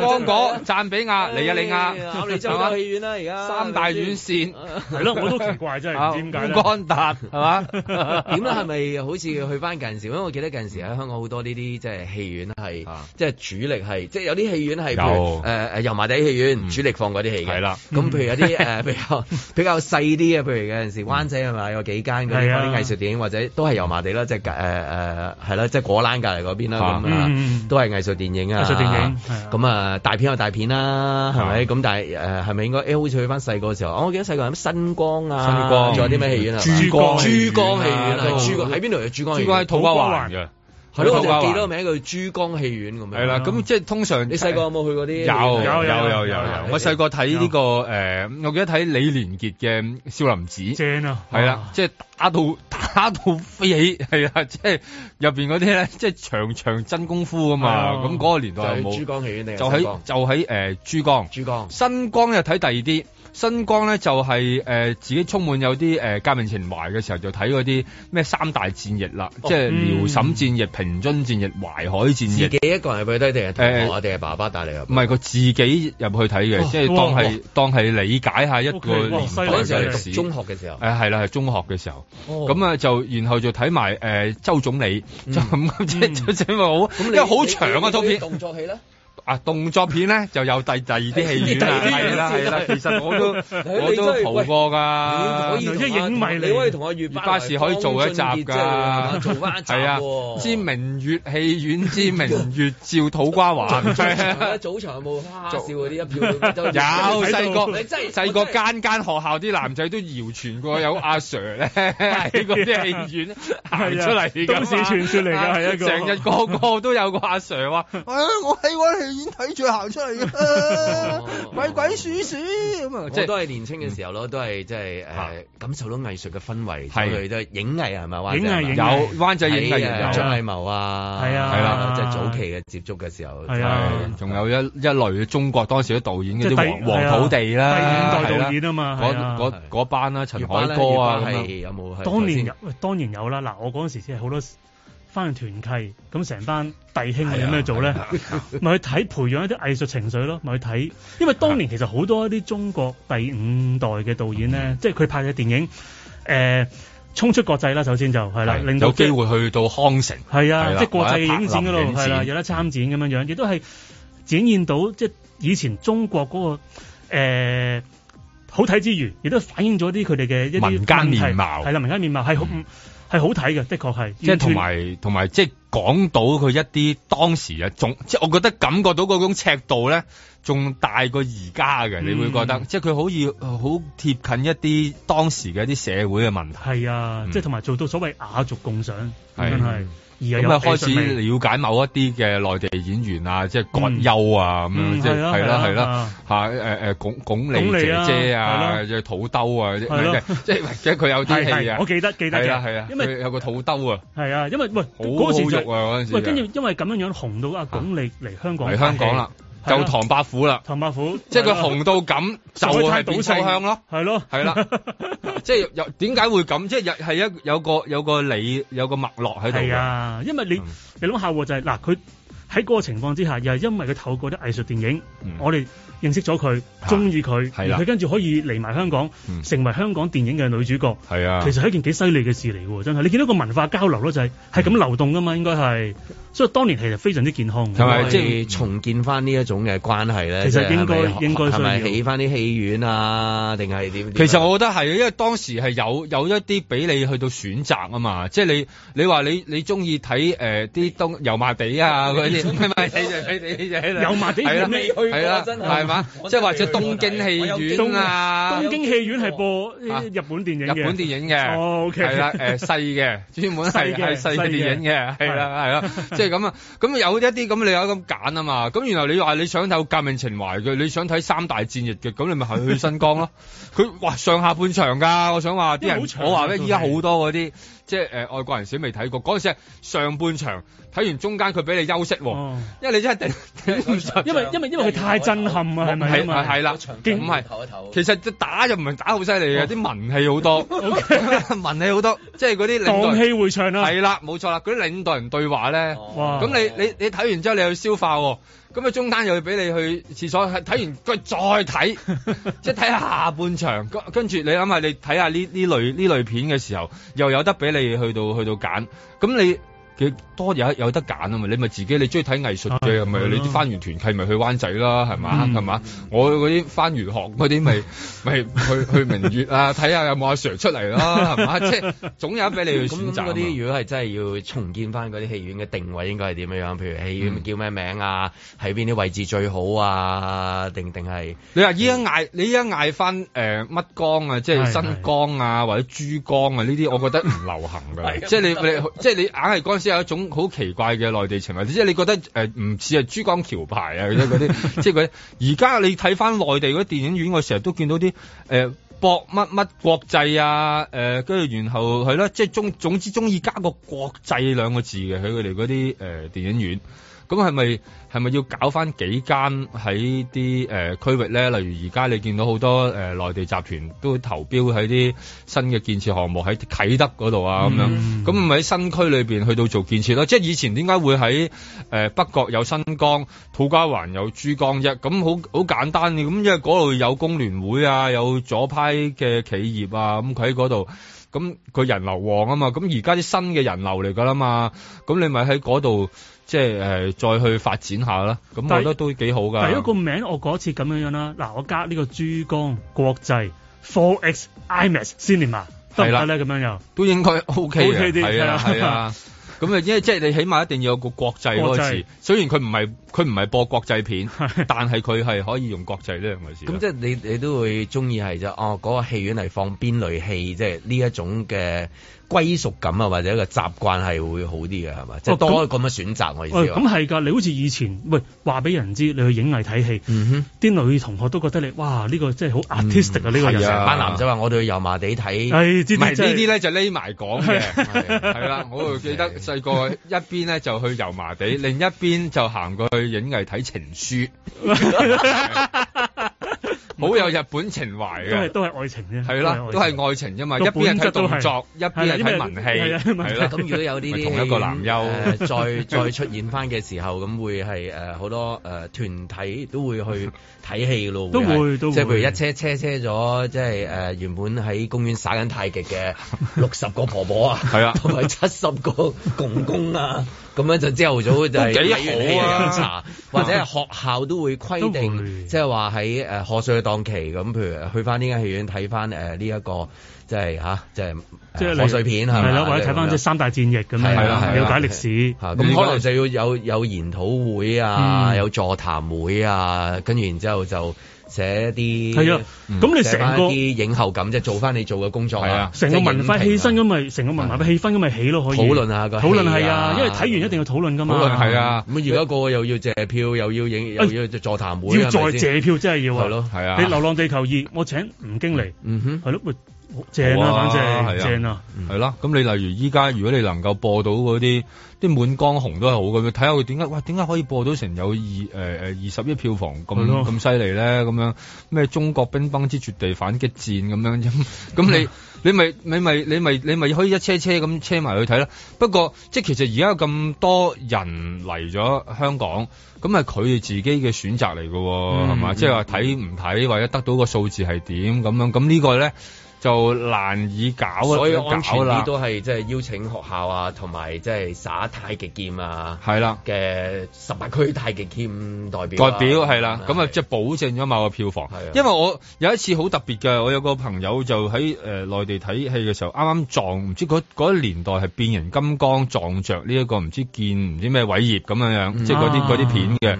剛果、贊比亞、尼日利亞，亞利州有戲院啦，而家三大院線係咯，我都奇怪真係點解？剛達係嘛？點咧係咪好似去翻嗰陣時？因為我記得嗰陣時喺香港好多呢啲即係戲院係即係主力係即係有啲戲院係譬如誒誒油麻地戲院主力放嗰啲戲㗎，係啦。咁譬如有啲誒比較比較細啲嘅，譬如有陣時灣仔係咪有幾間嗰啲嗰啲藝術電影。或者都係油麻地，就是呃，啦，即係誒誒係啦，即係果欄隔籬嗰邊啦，咁，嗯，樣都係藝術電影啊，藝術電影咁啊大片有大片啦，啊，係咪，啊？咁但係誒係咪應該，欸？好似去翻細個時候，哦，我記得細個係咩新光啊，新光仲有啲咩戲院，嗯，啊？珠江珠江戲院，啊，珠江喺邊度啊？珠江戲院喺土瓜灣嘅。係咯，我哋記得名叫珠江戲院咁樣。係啦，咁即係通常。你細個有冇去嗰啲？有有有有有。我細個睇呢個誒，我記得睇李連杰嘅《少林寺》。正啊！係啦，即係打到打到飛起，係啊！即係入邊嗰啲咧，即係場場真功夫啊嘛！咁嗰個年代就冇珠江戲院就喺就喺誒珠江。珠江。新光又睇第二啲。新光咧就係、是、誒、呃、自己充滿有啲誒、呃、革命情懷嘅時候就睇嗰啲咩三大戰役啦、哦，即係遼沈戰役、平津戰役、淮海戰役。自己一個人入去睇定係同學定係爸爸帶嚟？唔係佢自己入去睇嘅、哦，即係當係、哦哦、當係理解一下一個年、哦 okay，代嗰陣時中學嘅時候。誒係啦，係中學嘅時候。咁、哦、啊、嗯、就然後就睇埋誒周總理，嗯、就咁即就周總好，因為好長啊套片。動作戲咧。 啊、動作片咧就有第第二啲戲院係啦係啦,啦，其實我都我都逃過㗎，即係影迷你,你可以同阿月巴士可以做一集㗎，做返一集係 啊！《知明月戲院》之《明月照土瓜灣》 啊，早場有冇笑嗰啲一票都有？細個細個間間學校啲男仔都謠傳過有阿 Sir 咧啲戲院行出嚟，今時傳説嚟㗎係一個，成日個個都有個阿 Sir 話：，我喺睇住行出嚟嘅，鬼鬼祟祟咁啊！即、哦、係、就是、都係年青嘅時候咯、嗯，都係即係誒，感受到藝術嘅氛圍。係都影藝啊，係咪？影藝有灣仔影藝，張藝謀啊，係啊，係啦，即係早期嘅接觸嘅時候。係仲有一一類中國當時嘅導演嘅啲黃土地啦、啊，導演啊嘛，嗰班啦，陳凱歌啊，啊有冇？當年有，當年有啦。嗱，我嗰時先係好多。翻去團契，咁成班弟兄係有咩做咧？咪、啊啊啊、 去睇培養一啲藝術情緒咯，咪去睇。因為當年其實好多一啲中國第五代嘅導演咧、啊，即係佢拍嘅電影，誒、呃，衝出國際啦，首先就係啦、啊，令到有機會去到康城，係啊，啊，即係國際影展嗰度，係啦、啊啊，有得參展咁樣樣，亦、嗯、都係展現到即係以前中國嗰、那個、呃、好睇之餘，亦都反映咗啲佢哋嘅一啲民間面貌，係啦，民間面貌係好。是啊。係好睇嘅，的確係。即係同埋同埋，即係講到佢一啲當時嘅仲，即係我覺得感覺到嗰種尺度咧，仲大過而家嘅。你會覺得，即係佢好似好貼近一啲當時嘅一啲社會嘅問題。係啊，嗯、即係同埋做到所謂雅俗共賞。係。咁啊開始了解某一啲嘅內地演員啊，即係葛優啊咁樣，即係係啦係啦嚇誒誒，鞏鞏俐姐姐啊，即係土兜啊嗰啲，即係即係佢有啲戲啊，我記得記得嘅，係啊係啊，因為佢有個土兜啊，係啊，因為喂好好肉啊嗰陣時，喂跟住因為咁樣樣紅到阿鞏俐嚟香港嚟香港啦。就唐伯虎啦，唐伯虎，即係佢紅到咁，就係變走向咯，係咯，係啦，即係又點解會咁？即係又係一有個有個理有個脈絡喺度嘅，係啊，因為你你諗下喎就係嗱，佢喺嗰個情況之下，又係因為佢透過啲藝術電影，我哋認識咗佢，中意佢，佢跟住可以嚟埋香港，成為香港電影嘅女主角，係啊，其實係一件幾犀利嘅事嚟嘅，真係，你見到個文化交流咯，就係係咁流動噶嘛，應該係。所以當年其實非常之健康，係咪、嗯、即係重建翻呢一種嘅關係咧？其實應該是是應該需要起翻啲戲院啊，定係點？其實我覺得係，因為當時係有有一啲俾你去到選擇啊嘛，即係你你話你你中意睇誒啲東油麻地啊嗰啲，油麻地就油麻地係啦，油麻地真係，係嘛？即係或者東京戲院啊，東，東京戲院係播日本電影嘅，日本電影嘅，係啦，誒、哦 okay 呃、細嘅專門係係細嘅電影嘅，係啦，係咯，即係。 咁啊，咁有一啲咁你有咁揀啊嘛，咁然後你話你想睇革命情懷嘅，你想睇三大戰役嘅，咁你咪去去新疆咯。佢 哇上下半場㗎，我想話啲人，人我話咩依家好多嗰啲。即係誒外國人少未睇過，嗰陣時係上半場睇完中間佢俾你休息喎，因為你真係頂唔順，因為因為因為佢太震撼啊，係咪係啦，勁唔係唞一唞。其實打又唔係打好犀利嘅，啲文氣好多，文氣好多，即係嗰啲領。蕩氣迴腸啦。係啦，冇錯啦，嗰啲領導人對話咧，咁你你你睇完之後你去消化。咁啊，中間又要俾你去廁所，睇完跟住再睇，即係睇下半場。跟跟住你諗下，你睇下呢呢類呢類片嘅時候，又有得俾你去到去到揀。咁你。幾多有有得揀啊嘛，你咪自己你中意睇藝術嘅，咪你啲翻完團契咪去灣仔啦，係嘛，係嘛？我啲翻完學啲咪咪去 去，去明月啊，睇下有冇阿 sir 出嚟啦、啊，係 嘛？即係總有一俾你去選擇。啲、嗯、如果係真係要重建翻嗰啲戲院嘅定位，應該係點樣樣，譬如戲院叫咩名啊？喺邊啲位置最好啊？定定係你話依家嗌你依家嗌翻誒乜光啊？即係新光啊，或者珠江啊？呢啲我覺得唔流行㗎， 即係你你 即係你硬係。有一種好奇怪嘅內地情懷，即係你覺得誒唔似係珠江橋牌啊，嗰啲 即係佢而家你睇翻內地嗰啲電影院，我成日都見到啲誒、呃、博乜乜國際啊，誒跟住然後係，咯，即係中總之中意加個國際兩個字嘅，喺佢哋嗰啲誒電影院。咁係咪係咪要搞翻，幾間喺啲誒區域咧？例如而家你見到好多誒內、呃、地集團都會投標喺啲新嘅建設項目喺啟德嗰度啊，咁、嗯、樣咁咪喺新區裏邊去到做建設咯。即係以前點解會喺誒、呃、北角有新光、土瓜灣有珠江啫？咁好好簡單嘅，咁因為嗰度有工聯會啊，有左派嘅企業啊，咁佢喺嗰度，咁佢人流旺啊嘛。咁而家啲新嘅人流嚟噶啦嘛，咁你咪喺嗰度。即係誒，再去發展下啦，咁我覺得都幾好噶。第一個名我講一次咁樣樣啦，嗱，我加呢個珠江國際 Four X IMAXCinema 啊，得唔得咧？咁樣又都應該 OK 嘅，係啊係啊。咁啊，即係即係你起碼一定要有個國際嗰個字。雖然佢唔係佢唔係播國際片，但係佢係可以用國際呢樣嘅字。咁即係你你都會中意係就哦嗰個戲院係放邊類戲，即係呢一種嘅。歸屬感啊，或者一個習慣係會好啲嘅，係嘛？哦，即係多咁嘅選擇，哦、我意思。咁係噶，你好似以前，喂，話俾人知你去影藝睇戲，啲、嗯、女同學都覺得你，哇、呢、這個真係好 artistic 啊、嗯！呢、這個成班男仔話我哋去油麻地睇，係、哎，唔係呢啲咧就匿埋講嘅。係 啦，我記得細個一邊咧就去油麻地， 另一邊就行過去影藝睇情書。 好有日本情懷嘅，都係愛情啫，係啦，都係愛情啫嘛。一邊睇動作，一邊睇文戲，係啦。咁如果有啲同一個男優、呃，再再出現翻嘅時候，咁 會係誒好多誒、呃、團體都會去睇戲咯，都會，即係、就是、譬如一車車車咗，即係誒原本喺公園耍緊太極嘅六十個婆婆啊，同埋七十個公公啊。 咁樣就朝頭早就係，好啊、或者係學校都會規定，即係話喺誒賀歲嘅檔期咁，譬如去返呢間戲院睇返呢一個，即係嚇，即係賀歲片係咯、就是，或者睇返即係三大戰役咁樣瞭、啊啊啊、解歷史。咁、啊啊啊、可能就要有有研討會啊，嗯、有座談會啊，跟住然之後就。寫啲係啊，咁你成個影後感即係做翻你做嘅工作啊，成、啊個，啊就是、個文化氣氛咁咪，成個文化嘅氣氛咁咪起咯，可以討論、啊、下㗎討論係啊，因為睇完一定要討論噶嘛，係啊，咁而家個個又要借票，又要影、哎，又要座談會，要再借票真係要啊，係咯、啊，係啊，你《流浪地球二》，我請吳京嚟，嗯哼，係咯。正啦、啊哦啊，反正係、啊、正啊，係、嗯、啦。咁、啊、你例如依家，如果你能夠播到嗰啲啲滿江紅都係好嘅，睇下佢點解哇？點解可以播到成有二誒誒、呃、二十億票房咁咁犀利咧？咁樣咩？中國乒乓之絕地反擊戰咁樣咁、嗯，你你咪你咪你咪你咪可以一車車咁車埋去睇啦。不過即係其實而家咁多人嚟咗香港，咁係佢哋自己嘅選擇嚟嘅係嘛？即係話睇唔睇或者得到個數字係點咁樣？咁呢個咧？就難以搞，所以安全啲都係即係邀請學校啊，同埋即係耍太極劍啊，係啦嘅十八區太極劍代表代、啊、表係啦，咁啊即係、啊、保證咗某個票房是、啊。因為我有一次好特別嘅，我有個朋友就喺誒內地睇戲嘅時候，啱啱撞唔知嗰嗰年代係變形金剛撞着呢一個唔知見唔知咩偉業咁樣樣，啊、即係嗰啲嗰啲片嘅，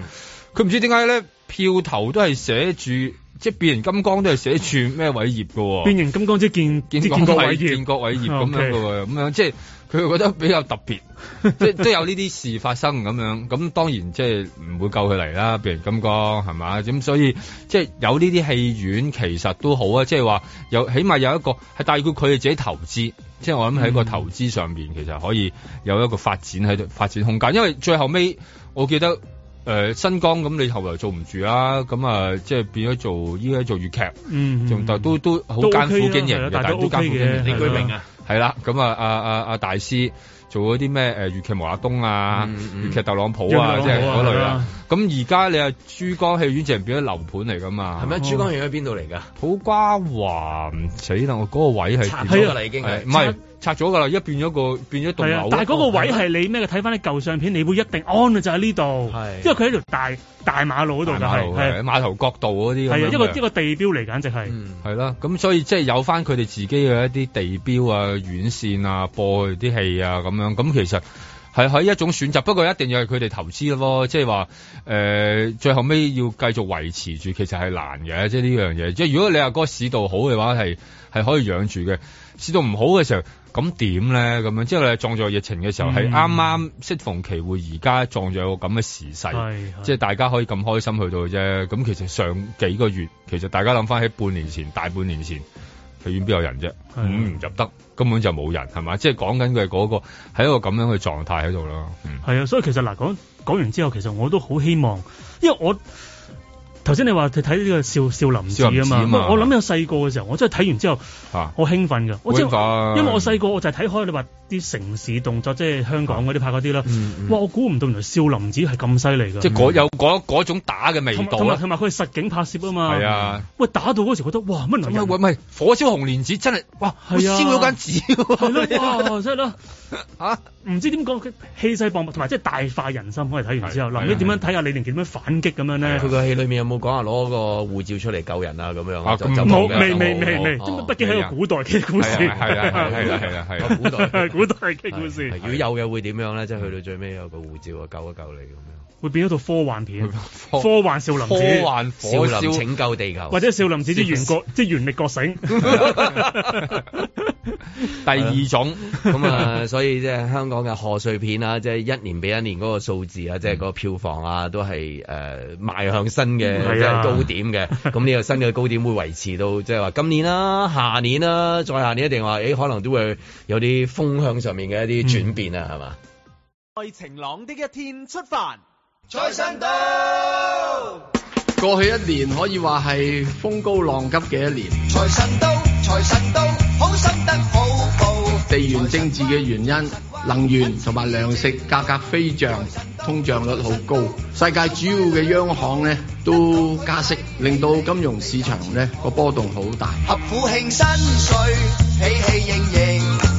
佢唔知點解咧票頭都係寫住。即係變形金剛都係寫住咩偉業㗎喎？變形金剛即係建建國偉業，建國偉業咁樣㗎喎，咁樣即係佢覺得比較特別， 即係都有呢啲事發生咁樣。咁當然即係唔會救佢嚟啦，變形金剛係嘛？咁所以即係有呢啲戲院其實都好啊，即係話有起碼有一個係，大概佢哋自己投資，即係我諗喺個投資上面、嗯，其實可以有一個發展喺度發展空間，因為最後尾我記得。誒、呃，新光咁你後來做唔住啦、啊，咁啊即係變咗做依家做粵劇，嗯，仲、OK 啊但，OK、但都都好艱苦經營嘅，但係都艱苦經營嚟啊係啦，咁啊啊啊，啊大師做嗰啲咩誒，粵、呃、劇毛澤東啊，粵、嗯劇，啊嗯、劇特朗普啊，即係嗰類啦、啊。咁而家你啊珠江戲院就變咗樓盤嚟噶嘛？係咪？珠江戲院喺邊度嚟噶？普瓜環死啦！我嗰、那個位係拆咗啦、啊啊，已經唔係拆咗噶啦，變一變咗個、啊、變咗棟樓。但係嗰個位係你咩？睇翻啲舊相片，你會一定安嘅就喺呢度，因為佢喺條大大馬路嗰度嘅，係碼、啊啊、頭角度嗰啲，係、啊啊啊、一個、啊、一個地標嚟，簡直係係啦。咁、嗯啊、所以即係有翻佢哋自己嘅一啲地標啊、院線啊、播啲戲啊咁樣。咁其實。係喺一種選擇，不過一定要係佢哋投資咯，即係話誒最後尾要繼續維持住，其實係難嘅，即係呢樣嘢。即係如果你阿哥市道好嘅話，係係可以養住嘅；市道唔好嘅時候，咁點咧？咁樣即係你撞在疫情嘅時候，係啱啱適逢其會，而家撞咗個咁嘅時勢，即係、就是、大家可以咁開心去到啫。咁其實上幾個月，其實大家諗返喺半年前、大半年前。戲院邊有人啫，唔、啊嗯、入得，根本就冇人，係嘛？即係講緊佢係嗰個，喺一個咁樣嘅狀態喺度咯。嗯，係啊，所以其實嗱，講講完之後，其實我都好希望，因為我。頭先你話睇睇呢個少少林寺啊嘛，嘛為我諗有細個嘅時候，我真係睇完之後，啊、好興奮噶、啊，因為我細個我就睇開你話啲城市動作，即係香港嗰啲拍嗰啲啦。哇，我估唔到原來少林寺係咁犀利噶，即、嗯、係有嗰嗰種打嘅味道。同埋同埋佢係實景拍攝啊嘛。係啊，喂，打到嗰時覺得哇，乜男人唔、啊、喂，喂，火燒紅蓮寺真係哇，燒咗間紙，真係咯。 吓、啊，唔知點講，氣勢磅礴，同埋即係大快人心。我哋睇完之後，嗱，你點樣睇下李連杰點樣反擊咁樣咧？佢個戲裏面有冇講啊？攞個護照出嚟救人啊？咁樣、啊、就冇，未未未未，因為畢竟係個古代嘅故事。係啦，係啦，係啦，係 古代嘅故事係啦，係啦。如果有嘅會點樣咧？即係去到最尾有個護照啊，救一救你咁樣。會變咗套科幻片，科，科幻少林寺，科幻火少林拯救地球，或者少林寺之原國即、就是、原力覺醒。 第二種咁 啊，所以即係香港嘅賀歲片啊，即、就、係、是、一年比一年嗰個數字啊，即係嗰個票房啊，嗯、都係誒邁向新嘅即係高點嘅。咁呢個新嘅高點會維持到即係話今年啦、啊，下年啦、啊，再下年一定話誒、欸，可能都會有啲風向上面嘅一啲轉變啊，係、嗯、嘛？為晴朗的一天出發。財神到！過去一年可以話係風高浪急嘅一年。財神到，財神到，好心得好報。地緣政治嘅原因，能源同埋糧食價格飛漲，通脹率好高。世界主要嘅央行呢都加息，令到金融市場呢個波動好大。合府慶新歲，喜氣盈盈。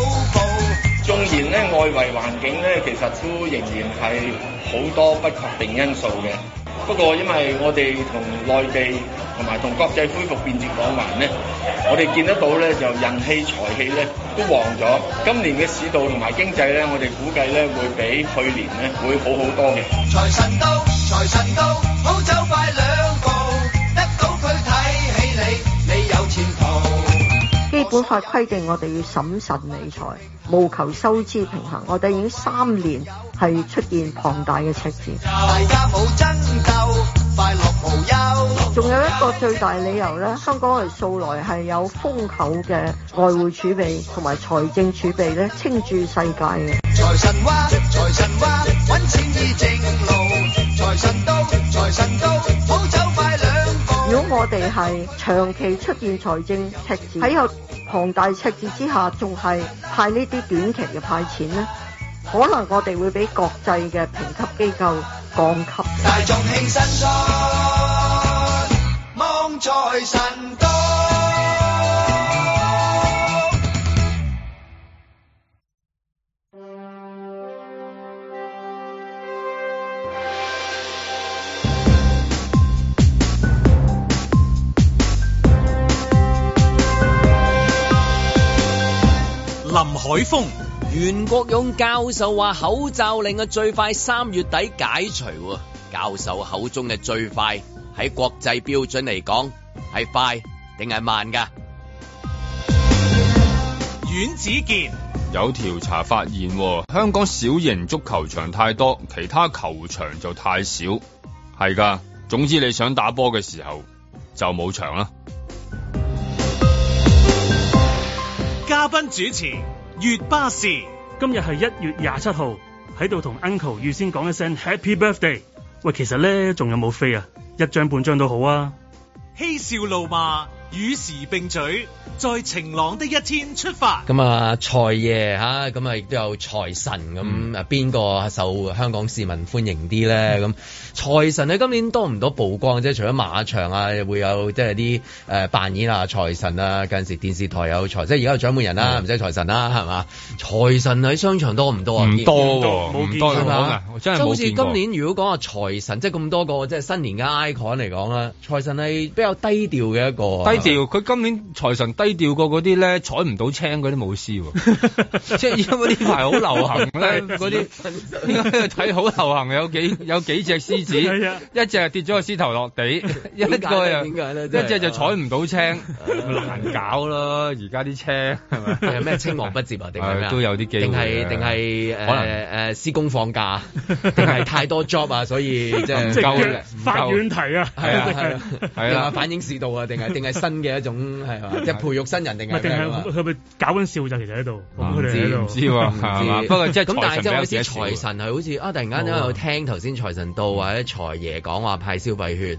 當然咧，外圍環境咧，其實都仍然係好多不確定因素嘅。不過因為我哋同內地同埋同國際恢復便捷往還咧，我哋見得到咧就人氣財氣咧都旺咗。今年嘅市道同埋經濟咧，我哋估計咧會比去年咧會好好多嘅。財神到，財神到，好走快兩步。本法規定我哋要審慎理財，務求收支平衡。我哋已經三年係出現龐大嘅赤字。大家冇爭鬥，快樂無憂。仲有一個最大理由咧，香港人素來係有豐厚嘅外匯儲備同埋財政儲備咧，稱住世界嘅。財神話，財神話，揾錢依正路。財神到，財神到。如果我哋係長期出現財政赤字，喺有龐大赤字之下，仲係派呢啲短期嘅派錢咧，可能我哋會俾國際嘅評級機構降級。大眾興林海峰、袁國勇教授話口罩令嘅最快三月底解除喎。教授口中嘅最快喺國際標準嚟講係快定係慢㗎？阮子健有調查發現，香港小型足球場太多，其他球場就太少。係㗎，總之你想打波嘅時候就冇場啦。嘉賓主持月巴士，今日係一月廿七號，喺度同 Uncle 預先講一聲 Happy Birthday。喂，其實咧仲有冇飛啊？一張半張都好啊。嬉笑怒罵。與時並舉，在晴朗的一天出發。咁、嗯、啊，財爺嚇，咁啊亦都有財神咁啊，邊個受香港市民歡迎啲咧？咁、嗯、財神喺今年多唔多曝光？即係除咗馬場啊，會有即係啲誒扮演啊財神啊。近時電視台有財，即係而家有掌門人啦、啊，唔使財神啦、啊，係嘛？財神喺商場多唔多啊？唔多，冇、哦、見到㗎，多我真係冇見過。好似今年如果講下財神，即係咁多個即係新年嘅 icon 嚟講啦，財神係比較低調嘅一個。佢今年財神低調過嗰啲咧，採唔到青嗰啲舞獅，即 係因為呢排好流行咧嗰啲，因睇好流行有幾有幾隻獅子， 一隻跌咗個獅頭落地，一個點解咧？一隻就採唔到青，啊、難搞咯。而家啲青係咪？係 咩的青黃 是嗎 不接啊？定係、啊、都有啲機會，定係定係可能誒，施、 呃、工放假，定 係太多 job 啊？所以 即係夠唔夠？發軟蹄啊？係啊係啊係啊！啊啊啊 啊啊 反映市道啊？定係定係新？ 嘅一種係嘛， 即係培育新人，定係定係佢係咪搞緊笑？就其實喺度，佢哋喺度唔知喎，唔知。不過即係咁， 但係即係好似財神係好似 啊，突然間因為我聽頭先財神到、嗯、或者財爺講話派消費券，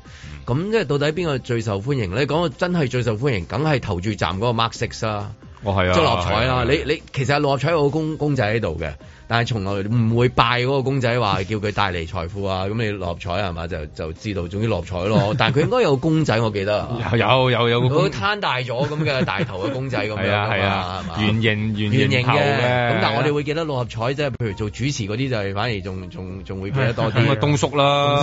咁、嗯、即係到底邊個最受歡迎咧？講到真係最受歡迎，梗係投注站嗰個 Mark Six 啦、啊，哦係啊，六合彩啦。你、啊、你、啊、你其實六、啊、合彩有個公公仔喺度嘅。但係從來唔會拜嗰個公仔，話叫佢帶嚟財富啊！咁你六合彩係嘛？就就知道總之六合彩咯。但係佢應該有公仔，我記得。 有有有有個攤大咗咁嘅大頭嘅公仔咁、 啊、樣㗎嘛、啊？圓形圓，圓形嘅。咁但係我哋會記得六合彩，即係譬如做主持嗰啲，就係反而仲仲仲會記得多啲。咁 啊，東叔啦，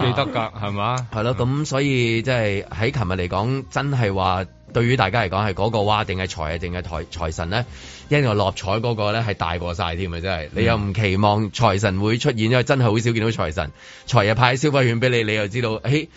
叔記得㗎，係嘛？係 咯、啊，咁所以即係喺琴日嚟講，真係話。對於大家嚟講係嗰個哇，定係財啊，定係財財神咧？因為落彩嗰個咧係大過曬添啊！真係，你又唔期望財神會出現，因為真係好少見到財神，財又派消費券俾你，你又知道，誒。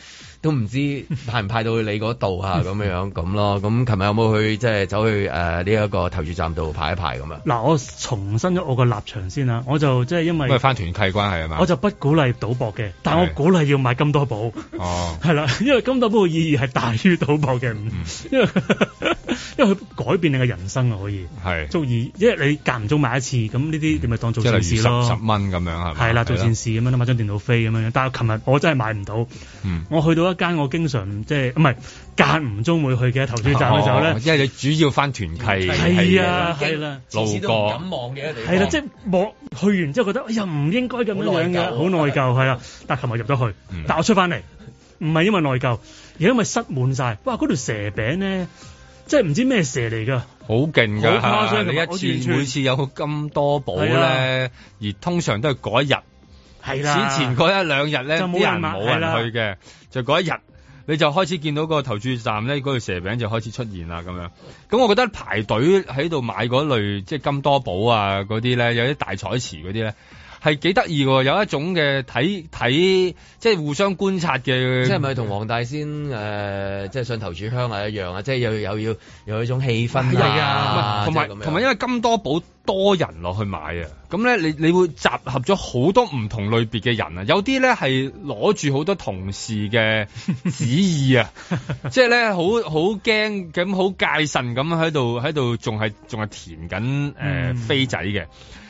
都唔知派唔派到你 有有去你嗰度嚇，咁樣樣咁咯。咁琴日有冇去即係走去誒呢一個投注站度排一排咁啊？嗱，我重申咗我個立場先啦，我就即係、就是、因為因為返團契關係啊嘛，我就不鼓勵賭博嘅，但我鼓勵要買金多寶。哦，係 啦，因為金多寶嘅意義係大於賭博嘅。嗯因為 因為佢改變你嘅人生啊，可以係做而，因為你間唔中買一次咁呢啲，你咪當做善事咯。嗯就是、十蚊咁樣係嘛？係啦，做善事咁樣啦，買張電腦飛咁樣。但係琴日我真係買唔到、嗯。我去到一間我經常即係唔係間唔中會去嘅投注站嘅時候咧，因、哦、為、哦、你主要翻團契係啊係啦，路過唔敢望嘅地方係啦，即係望去完之後覺得哎呀唔應該咁樣樣嘅，好內疚係啊。但係琴日入咗去，嗯、但係我出翻嚟唔係因為內疚，而係因為塞滿晒。哇！嗰條蛇餅咧～即係唔知咩蛇嚟噶，好勁噶，好誇張！每一次每次有個金多寶咧，而通常都係嗰一日，係啦，之前嗰一兩日咧，啲人冇人去嘅，就嗰一日你就開始見到個投注站咧，嗰條蛇餅就開始出現啦咁樣。咁我覺得排隊喺度買嗰類即係金多寶啊嗰啲咧，有啲大彩池嗰啲咧。係幾得意喎，有一種嘅睇睇，即係互相觀察嘅。即係咪同黃大仙，誒、呃，即係上頭柱香係一樣啊？即係又又要有一種氣氛啊，同埋同埋，啊還有就是、還有因為金多寶多人落去買啊，咁咧你你會集合咗好多唔同類別嘅人啊，有啲咧係攞住好多同事嘅旨意啊，即係咧好好驚咁好戒慎咁喺度喺度，仲係仲係填緊誒、呃嗯、飛仔嘅，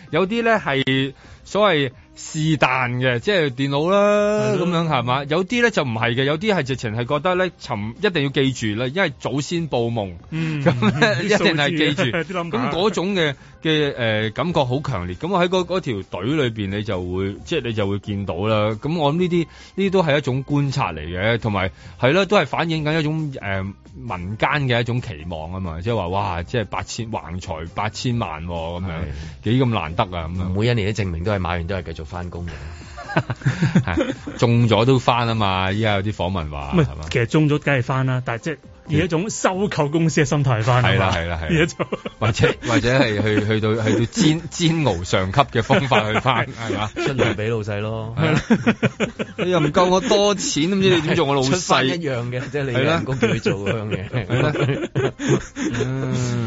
有啲咧係。所謂是但嘅，即係電腦啦，咁、嗯、樣係嘛，有啲咧就唔係嘅，有啲係直情係覺得咧沉一定要記住啦，因為祖先報夢，咁、嗯、咧、嗯、一定係記住，咁嗰、啊、種嘅。 嘅誒、呃、感覺好強烈，咁我喺嗰嗰條隊裏面你就會，即係你就會見到啦。咁我諗呢啲呢啲都係一種觀察嚟嘅，同埋係啦，都係反映緊一種誒、呃、民間嘅一種期望啊嘛，即係話哇，即係八千橫財八千萬咁樣幾咁難得啊！咁、嗯、每一年都證明都係買完都係繼續返工嘅，中咗都返啊嘛！依家有啲訪問話，其實中咗梗係返啦，但係即係。而一種收購公司嘅心態翻嚟，係啦係啦係，而一種或者或者係去 去到去到煎煎熬上級嘅方法去翻，係嘛出糧俾老細咯，你又唔夠我多錢，咁知你點做我老細一樣嘅，即係你人工叫佢做咁樣嘅，係、嗯、咯，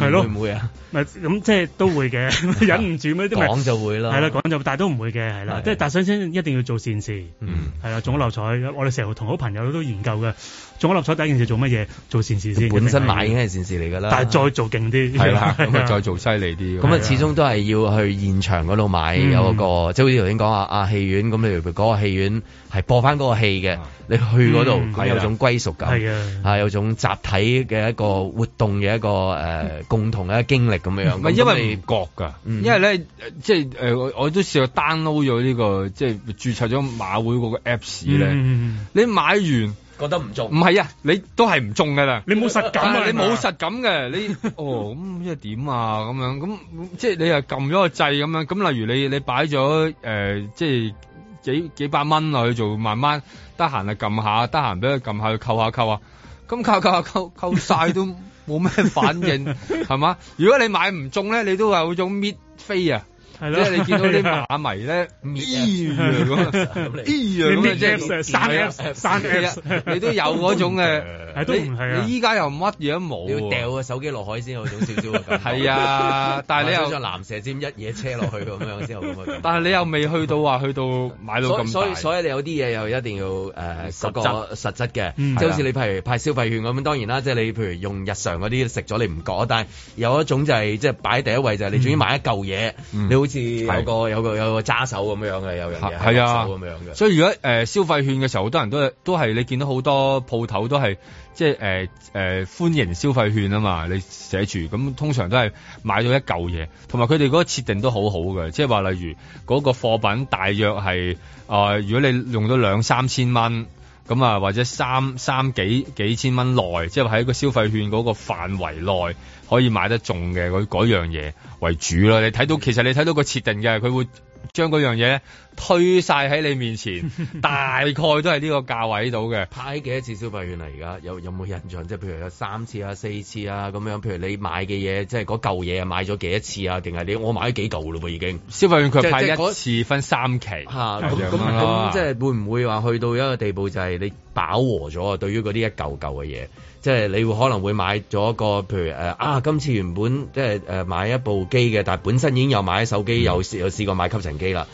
係咯，唔、 嗯、會，會啊？咁即係都會嘅， 忍唔住咩？講就會啦，係啦講就，但係都唔會嘅，係啦，即係但想先一定要做善事，嗯，係啊，種流彩。嗯、我哋成日同好朋友都研究嘅。做六合彩第一件事做乜嘢？做善事先。本身買已經係善事嚟噶啦。但係再做勁啲。係啦，咁啊再做犀利啲。咁啊，始終都係要去現場嗰度買，有一個，即係好似頭先講啊啊戲院咁，譬如嗰個戲院係播翻嗰個戲嘅，你去嗰度，嗯、有種歸屬感，係啊，有種集體嘅一個活動嘅一個誒、啊、共同嘅經歷咁樣樣。唔係，因為唔覺噶，因為咧、嗯、即係誒、呃，我都試過 download 咗呢、個即係註冊咗馬會嗰個 apps 咧、嗯，你買完。覺得唔中，唔係啊，你都係唔中噶啦，你冇實感啊，啊你冇實感嘅， 你哦咁、嗯、即係點啊？咁樣咁即係你又撳咗個掣咁樣，咁例如你你擺咗誒即係幾幾百蚊落去做，慢慢得閒啊撳下，得閒俾佢撳下，佢扣下扣啊，咁扣扣下扣扣晒都冇咩反應係嘛？ 如果你買唔中咧，你都係嗰種搣飛啊！即係你見到啲馬迷咧，咦咁，咦 咁，即係山啊，山啊，你都有嗰種嘅，你你依家又乜嘢都冇，你要掉個手機落海先有種少少，係啊， 但係你又藍蛇尖一嘢車落去咁樣先有嗰 但係你又未去到話去到買到咁， 所以所以你有啲嘢又一定要誒實質個實質嘅，即係好似你譬如派消費券咁，當然啦，即係你譬如用日常嗰啲食咗你唔覺，但係有一種就係即係擺第一位就係你，仲要買一嚿嘢，你好。有個有個有個揸手咁樣嘅，有樣嘢係揸手咁樣嘅、啊。所以如果誒、呃、消費券嘅時候，好多人都都係你見到好多鋪頭都係即係誒誒歡迎消費券啊嘛，你寫住咁通常都係買咗一嚿嘢，同埋佢哋嗰個設定都好好嘅，即係話例如嗰、嗰個貨品大約係誒、呃，如果你用咗兩三千蚊咁啊，或者三三幾幾千蚊內，即係喺一個消費券嗰個範圍內。可以買得中嘅嗰樣嘢為主啦，你睇到其實你睇到個設定嘅，佢會將嗰樣嘢推晒喺你面前， 大概都係呢個價位度嘅。派幾多次消費券啊？而家有有冇印象？即係譬如有三次啊、四次啊咁樣。譬如你買嘅嘢，即係嗰舊嘢，買咗幾多次啊？定係你我買咗幾舊嘞、啊？噃已經消費券佢派一次分三期，咁、啊、樣、啊、即係會唔會話去到一個地步，就係你？飽和咗啊！對於嗰啲一嚿嚿嘅嘢，即係你會可能會買咗個，譬如誒啊，今次原本即係誒買一部機嘅，但係本身已經有買手機，有、嗯、試過買吸塵機啦。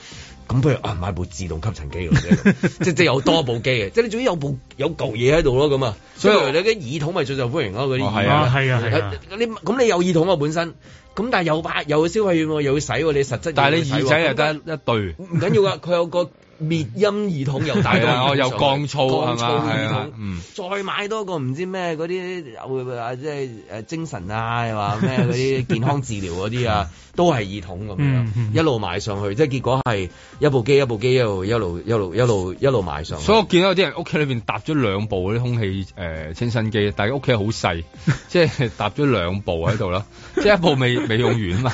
咁不如啊，買部自動吸塵機咯， 即即有多部機嘅， 即係你總之有部有嚿嘢喺度咯，咁啊。所以你啲耳筒咪最受歡迎咯，嗰啲耳筒係啊，係、哦、啊，係啊。咁、啊啊、你,你有耳筒啊，本身咁但係又把又消費券，又要洗你實質，但係你耳仔又得一對，唔緊要噶，佢有個。滅音耳筒又大哦又降噪，降噪耳筒、啊，嗯，再買多個唔知咩嗰啲會唔會啊，即係誒精神啊，話咩嗰啲健康治療嗰啲啊， 都係耳筒咁樣、嗯嗯，一路埋上去，即係結果係一部機一部機一路一路一路一路一路埋上去。所以我見到有啲人屋企裏邊搭咗兩部嗰啲空氣誒、呃、清新機，但係屋企好細， 即係搭咗兩部喺度啦， 即係一部未未用完啊嘛，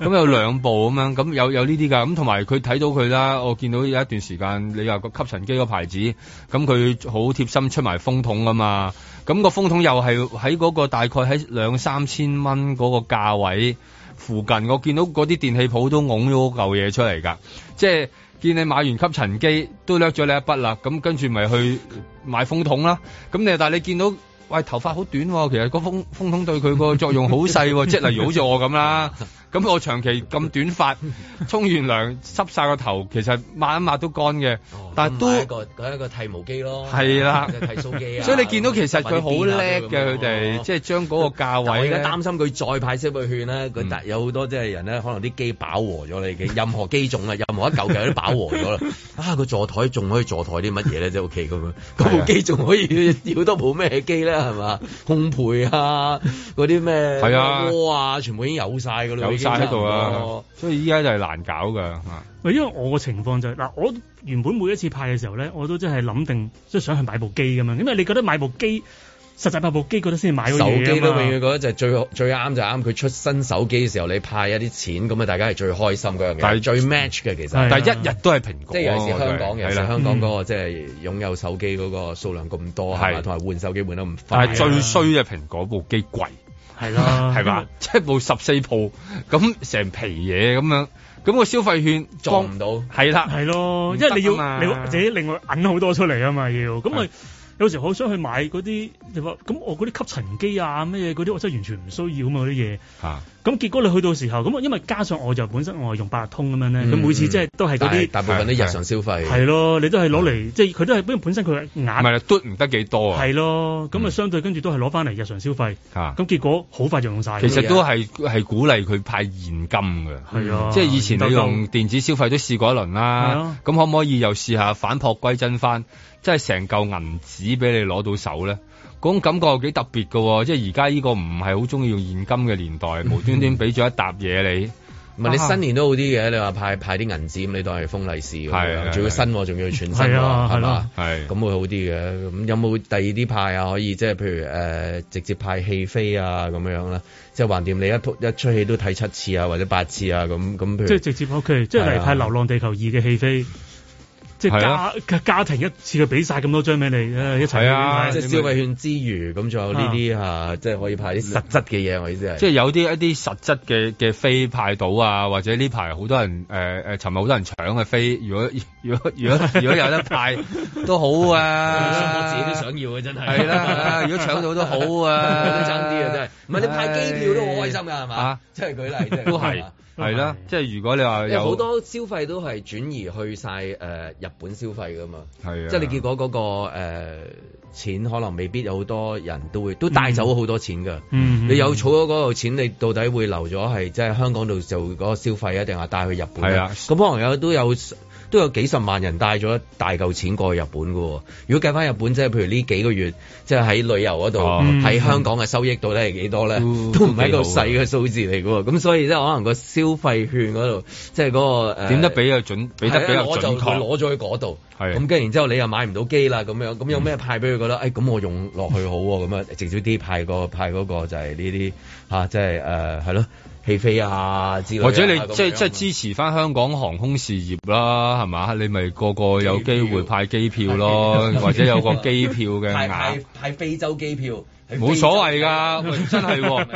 咁有兩部咁樣，咁有有呢啲噶，咁同埋佢睇到佢啦，我見到有段時間你話個吸塵機個牌子，咁佢好貼心出埋風筒吖嘛，咁個風筒又係喺嗰個大概喺兩三千蚊嗰個價位附近，我見到嗰啲電器鋪都拱咗嚿嘢出嚟噶，即係見你買完吸塵機都甩咗你一筆啦，咁跟住咪去買風筒啦，咁你但係你見到喂，頭髮好短，哦，其實個風風筒對佢個作用好細，哦， 即係例如好似我咁啦。咁我長期咁短髮，沖完涼濕晒個頭，其實抹一抹都乾嘅。但都嗰、哦、一個剃毛機咯，係啦，剃鬚機啊。 所以你見到其實佢好叻嘅佢哋，即係將嗰個價位。我而家擔心佢再派息去勸啦。佢有好多即係人咧，可能啲機飽和咗嚟嘅，任何機種啊，任何一嚿嘅都飽和咗啦。 啊，個座台仲可以座台啲乜嘢咧？即係 O K 咁樣，嗰部機仲可以要多部咩機咧？係嘛，烘焙啊，嗰啲咩鍋啊，全部已經有晒噶啦。喺度啊，所以依家就係難搞噶嚇。咪因為我個情況就係、是、嗱，我原本每一次派嘅時候咧，我都真係諗定即係想去買部機咁樣，因為你覺得買部機實際派部機，部機覺得先係買嗰手機都永遠覺得就係最最啱就啱佢出新手機嘅時候，你派一啲錢咁啊，大家係最開心嗰樣，但係最 match 嘅其實，但係一日都係蘋果。即係有時香港，有時香港嗰個即係擁有手機嗰個數量咁多啊，同埋換手機換得咁快。但係最衰嘅蘋果部機貴。係咯，係 嘛，即係七部十四鋪，咁成皮嘢咁樣，咁個消費券撞唔到，係啦，係咯，因為你要，你要自己另外銀好多出嚟啊嘛，要，咁咪。有時好想去買嗰啲，你話咁我嗰啲吸塵機啊咩嘢嗰啲，我真係完全唔需要啊嘛嗰啲嘢。吓咁結果你去到時候，咁因為加上我就本身我用八達通咁樣咧，佢、嗯、每次即係都係嗰啲大部分啲日常消費。係咯，你都係攞嚟，即係佢都係，本身佢眼，唔係啦都唔得幾多啊。係咯，咁啊相對跟住都係攞翻嚟日常消費。吓、啊、咁結果好快就用晒。其實都係係鼓勵佢派現金嘅，係啊，即係以前你用電子消費都試過一輪啦。咁、啊、可唔可以又試下反璞歸真翻？即係成嚿銀紙俾你攞到手咧，嗰種感覺幾特別嘅、哦，即係而家呢個唔係好中意用現金嘅年代，無端端俾咗一沓嘢你，唔、嗯、係、啊、你新年都好啲嘅，你話派派啲銀紙咁，你當係封利是啊，仲要新，仲要全新，係嘛？係咁會好啲嘅。咁有冇第二啲派啊？可以即係譬如誒、呃、直接派戲飛啊咁樣啦。即係橫掂你一出一出戲都睇七次啊或者八次啊咁咁即係直接 OK，即係嚟派《流浪地球二》嘅戲飛。即係家係、啊、家，家庭一次佢俾晒咁多張俾你，誒一齊、啊啊啊。啊！即係消費券之餘，咁仲有呢啲啊，即係可以派啲實質嘅嘢。我意思係，即係有啲一啲實質嘅嘅飛派到啊，或者呢排好多人誒誒尋日好多人搶嘅飛，如果如果如果如果有得派 都好啊！我 自己都想要嘅，真係。係 啦、啊，如果搶到都好啊！爭啲啊，真 係。唔係你派機票都好開心㗎，係嘛？即、啊、係舉例， 係都係。係啦，即係如果你話有好多消費都係轉移去晒誒、呃、日本消費噶嘛，係啊，即係你結果嗰、那個誒、呃、錢可能未必有好多人都會都帶走好多錢噶、嗯嗯嗯，嗯，你有儲咗嗰個錢，你到底會留咗係即係香港度做嗰個消費啊，定係帶去日本？係啊，咁可能有都有。都有幾十萬人帶咗一大嚿錢過去日本喎。如果計翻日本即係，譬如呢幾個月即係喺旅遊嗰度喺香港嘅收益到底係幾多咧、哦？都唔係一個細嘅數字嚟喎。咁所以即係可能個消費券嗰度即係嗰、嗰個點得比較準，俾得比較準確攞咗去嗰度，咁跟、啊、然之後你又買唔到機啦咁樣，咁有咩派俾佢覺得？誒、嗯、咁、哎、我用落去好咁樣，嗯、直接啲派、嗰個派嗰個就係呢啲即係誒係咯。啊起飛啊，之類啊！或者你即係即係支持翻香港航空事業啦，係嘛？你咪個個有機會派機票咯，或者有個機票嘅眼派派，派非洲機票，冇所謂㗎、哎，真係喎、哦，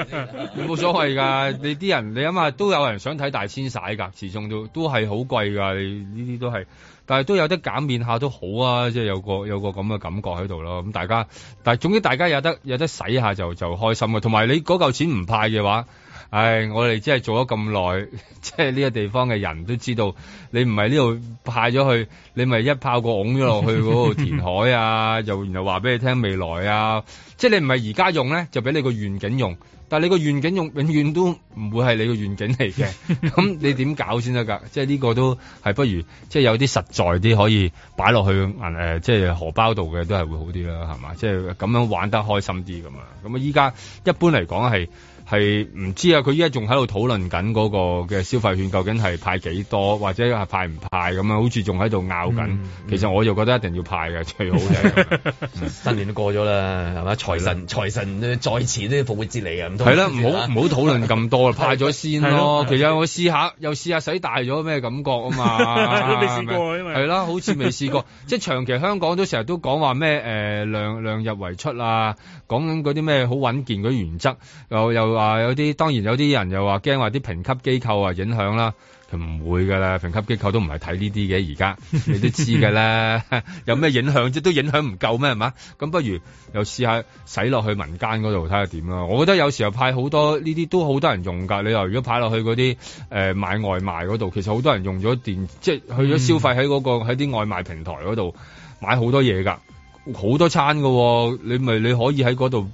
冇 所謂㗎。你啲人你諗下都有人想睇大千使㗎，始終都都係好貴㗎。你呢啲都係，但係都有得減免下都好啊，即係有個有個咁嘅感覺喺度咯。咁大家但係總之大家有得有得使下就就開心嘅。同埋你嗰嚿錢唔派嘅話。唉，我哋即係做咗咁耐，即係呢個地方嘅人都知道，你唔係呢度派咗去，你咪一炮過拱咗落去嗰個填海啊， 又然後話俾你聽未來啊，即係你唔係而家用咧，就俾你個願景用，但係你個願景用永遠都唔會係你個願景嚟嘅，咁你點搞先得噶？ 即係呢個都係不如，即係有啲實在啲可以擺落去銀誒、呃，即係荷包度嘅都係會好啲啦，係嘛？即係咁樣玩得開心啲咁啊！咁啊，依家一般嚟講係。係唔知啊？佢依家仲喺度討論緊嗰個嘅消費券究竟係派幾多，或者係派唔派咁樣？好似仲喺度拗緊。其實我就覺得一定要派嘅 最好嘅的。新、 嗯、年都過咗啦，係 嘛？財神財神，財神再次啲復活之利啊！咁係啦，唔好唔好討論咁多， 派咗先咯。其實我試下又試下使大咗咩感覺啊嘛？都未試過因為係啦，好似未試過。是是試過 即係長期香港都成日都講話咩誒量量入為出啊，講緊嗰啲咩好穩健嘅原則又又。又有啲當然有啲人又話驚話啲評級機構啊影響啦，佢唔會噶啦，評級機構都唔係睇呢啲嘅，而家你都知嘅啦 有咩影響即都影響唔夠咩係嘛？咁不如又試下使落去民間嗰度睇下點咯。我覺得有時候派好多呢啲都好多人用噶。你話如果派落去嗰啲誒買外賣嗰度，其實好多人用咗電，嗯、即係去咗消費喺嗰個喺啲外賣平台嗰度買好多嘢噶，好多餐噶。哦，你咪你可以喺嗰度。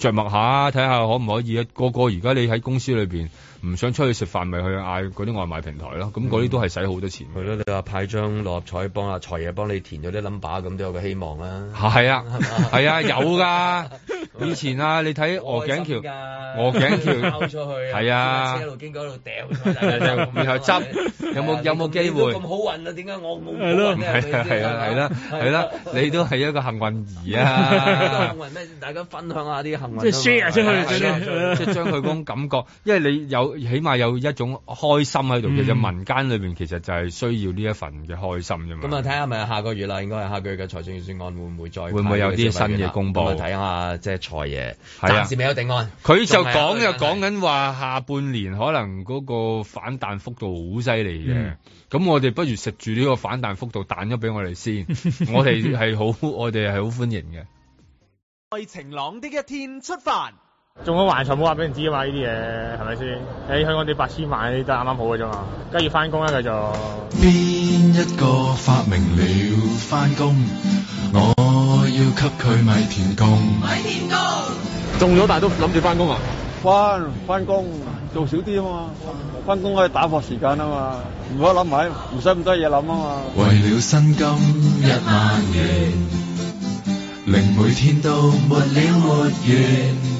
着墨下睇下可唔可以啊？個個，而家你喺公司裏邊。唔想出去食飯，咪去嗌嗰啲外賣平台咯。咁嗰啲都係使好多錢。係、嗯、咯，你話派張六合彩幫阿財爺幫你填咗啲 number 咁都有個希望啦。係啊，係啊， 啊，有㗎。以前啊，你睇鵝頸橋，鵝頸橋，係啊，一路經過一路掉，然後執。有冇有冇機會？咁好運啊！點解我冇？係咯，係啊，係啦、啊，係啦、啊啊啊啊 啊，你都係一個幸運兒啊！ 幸運咩、啊？ 大家分享下啲幸運。即係 share 出去，即係、啊就是、將佢嗰種感覺，因為你有。起碼有一種開心喺度嘅，就、嗯、民間裏邊其實就係需要呢一份嘅開心啫嘛。咁、嗯、啊，睇下咪下個月啦，應該係下個月嘅財政預算案會唔會再開？會唔會有啲新嘅公布？睇下即係財爺暫時未有定案。佢就講就講緊話，啊、說說下半年可能嗰個反彈幅度好犀利嘅。咁、嗯、我哋不如食住呢個反彈幅度彈咗俾我哋先， 我哋係好，我哋係好歡迎嘅。在晴朗的一天出發。中咗橫財冇話俾人知啊嘛，呢啲嘢係咪先？喺、欸、香港地八千萬都啱啱好嘅啫嘛，梗要翻工啊繼續。邊一個發明了翻工，我要給佢米田共。米田共？中咗但都諗住翻工啊？翻翻工，做少啲啊嘛，翻工可以打發時間啊嘛，如果諗埋，唔使咁多嘢諗啊嘛。為了薪金一萬元，令每天都沒了沒完。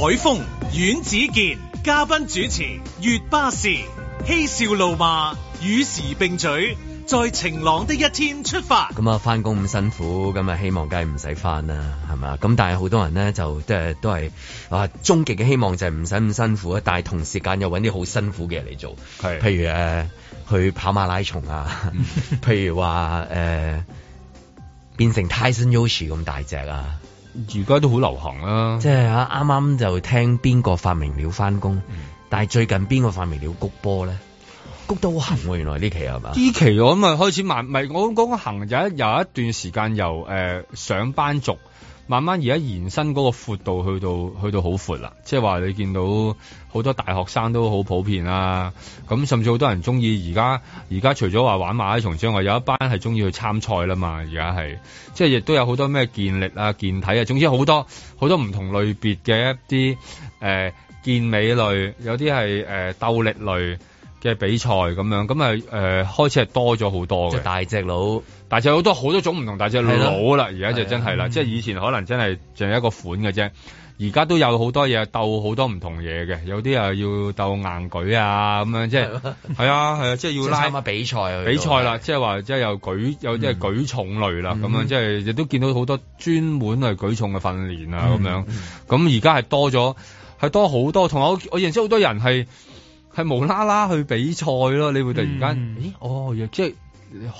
海峰、阮子健嘉賓主持，月巴士嬉笑怒罵，與時並舉，在晴朗的一天出發。咁啊，翻工咁辛苦，咁啊，希望梗係唔使翻啦，係咪？咁但係好多人咧，就即係都係啊，終極嘅希望就係唔使咁辛苦，啊，但係同時間又揾啲好辛苦嘅嘢嚟做，係，譬如誒、呃、去跑馬拉松啊， 譬如話誒、呃、變成 Tyson Yoshi 咁大隻啊！而家都好流行啦、啊，即係吓啱啱就聽邊個發明了翻工、嗯，但係最近邊個發明了谷波咧？谷到行喎， 原來呢期係嘛？呢期我咁啊開始慢，唔係我講個行有一有一段時間由誒、呃、上班族。慢慢而家延伸嗰個闊度去到去到好闊啦，即係話你見到好多大學生都好普遍啦、啊，咁甚至好多人中意而家而家除咗話玩馬拉松之外，有一班係中意去參賽啦嘛，而家係即係亦都有好多咩健力啊、健體啊，總之好多好多唔同類別嘅一啲誒健美類，有啲係誒鬥力類。嘅比賽咁樣，咁、呃、啊開始係多咗好多嘅大隻佬，大隻佬都好多，多種唔同大隻佬啦。而家、啊、就真係啦、啊，即係以前可能真係淨係一個款嘅啫，而家都有好多嘢鬥好多唔同嘢嘅，有啲啊要鬥硬舉啊咁樣，即係係啊係啊，啊，即係要參加比賽比賽啦、啊，即係話即係有舉有即係舉重類啦，咁、嗯、樣即係亦都見到好多專門係舉重嘅訓練啊咁、嗯、樣。咁而家係多咗，係多好多。同我我認識好多人係。係無啦啦去比賽咯，你會突然間、嗯，咦？哦，即係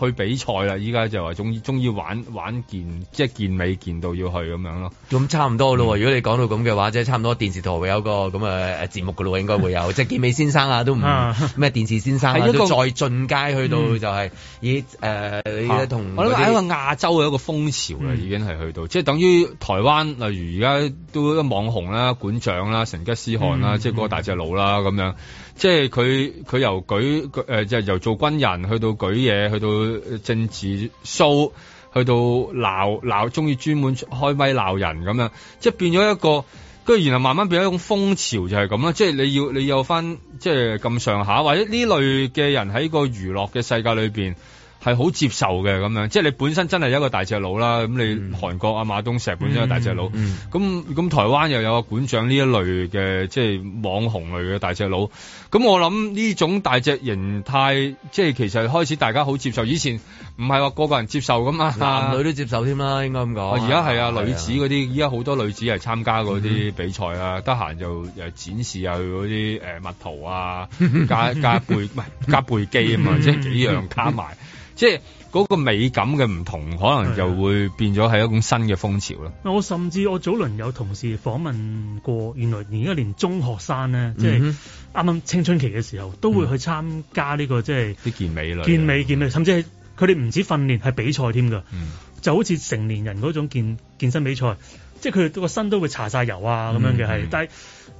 去比賽啦！依家就話中意中意玩玩健，即係健美健到要去咁樣咯。咁差唔多咯、嗯。如果你講到咁嘅話，即係差唔多電視台會有個咁嘅節目嘅咯，應該會有， 即係健美先生啊，都唔咩電視先生啊，都再進階去到就係、是嗯、以誒你嘅同我諗係一個亞洲嘅一個風潮啦、嗯、已經係去到即係等於台灣，例如而家都個網紅啦、館長啦、成吉思汗啦，嗯、即係嗰個大隻佬啦咁、嗯、樣。即係佢佢由舉誒、呃，即係由做軍人去到舉嘢，去到政治 show，去到鬧鬧，中意專門開咪鬧人咁樣，即係變咗一個，跟住然後慢慢變咗一種風潮，就係咁啦。即係你要你有翻即係咁上下，或者呢類嘅人喺個娛樂嘅世界裏邊。係好接受嘅咁樣，即係你本身真係一個大隻佬啦。咁、嗯、你韓國啊馬東石本身係大隻佬，咁、嗯、咁、嗯、台灣又有個館長呢一類嘅即係網紅類嘅大隻佬。咁我諗呢種大隻形態，即係其實開始大家好接受。以前唔係話個個人接受咁啊，男女都接受添啦，應該咁講。而家係啊，女子嗰啲，而家好多女子係參加嗰啲比賽啊，得、嗯、閒就展示下佢嗰啲誒蜜桃啊， 加加背唔係 加背肌啊嘛， 即係幾樣加埋。即係嗰、那個美感嘅唔同，可能就會變咗係一種新嘅風潮咯。我甚至我早輪有同事訪問過，原來而家連中學生咧，即係啱啱青春期嘅時候、嗯，都會去參加呢、這個即係啲健美啦，健美健美，健美，甚至係佢哋唔止訓練，係比賽添噶、嗯，就好似成年人嗰種健健身比賽，即係佢哋個身都會搽晒油啊咁、嗯嗯、樣嘅，但係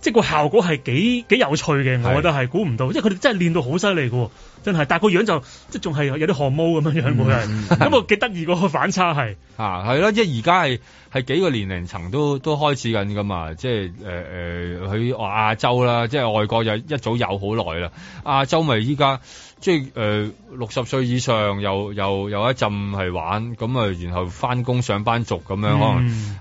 即個效果係幾幾有趣嘅，我覺得係估唔到，即係佢哋真係練到好犀利嘅。真係，但樣樣、嗯、 個樣就即仲係有啲寒毛咁樣樣喎，咁我幾得意個反差係。啊，係咯，即係而家係係幾個年齡層都都開始緊噶嘛，即係誒誒，去、呃、亞洲啦，即係外國就一早有好耐啦，亞洲咪依家。即係誒六十歲以上又又又一陣係玩咁啊，然後翻工上班族咁樣、嗯、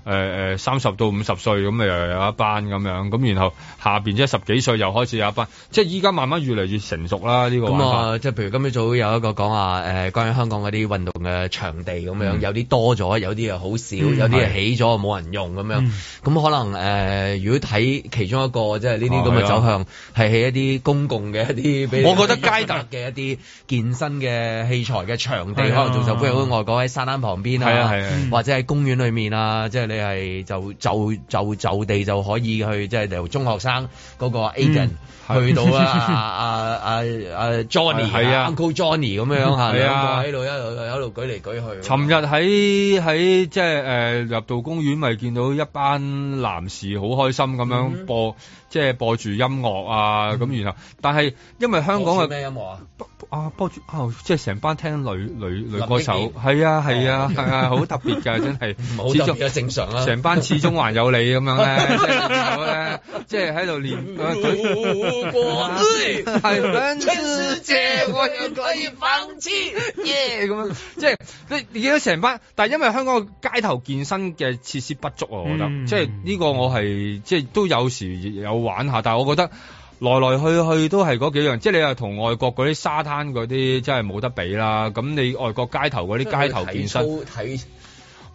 可能誒誒三十到五十歲咁啊又有一班咁樣咁，然後下邊即係十幾歲又開始有一班，即係依家慢慢越嚟越成熟啦呢、這個玩法、嗯、啊，即係譬如今朝早有一個講話誒，關於香港嗰啲運動嘅場地咁樣有啲多咗，有啲又好少，嗯、有啲起咗冇、嗯、人用咁樣。咁、嗯嗯、可能誒、呃，如果睇其中一個即係呢啲咁嘅走向，係、啊啊、起一啲公共嘅一啲，我覺得街得嘅。一啲健身嘅器材嘅場地，可能、啊、做就搬去外國喺沙灘旁邊啊，啊，或者喺公園裏面啊，即係你係就就就就地就可以去，即、就、係、是、由中學生嗰個 agent、嗯啊、去到啊啊啊 Johnny，Uncle Johnny 咁樣啊，喺、啊、度、啊啊啊啊啊、一度一路舉嚟舉去。尋日喺喺即係誒入到公園，咪見到一班男士好開心咁樣播，即、嗯、係、嗯、播住、就是、音樂啊咁，嗯、然後但係因為香港係咩音樂啊？啊，波、哦、即係成班聽女女女歌手，係啊，係啊，係啊，好、啊、特別嘅，真係， 始終正常啦。成班始終還有你咁 樣咧、啊，即係喺度練舞步，係粉姐，我又可以粉絲耶，咁、 yeah, 樣，即係你見到成班，但係因為香港街頭健身嘅設施不足，啊。我覺得，嗯、即係呢個我係即係都有時有玩下，但係我覺得。來來去去都係嗰幾樣，即係你又同外國嗰啲沙灘嗰啲，真係冇得比啦。咁你外國街頭嗰啲街頭健身，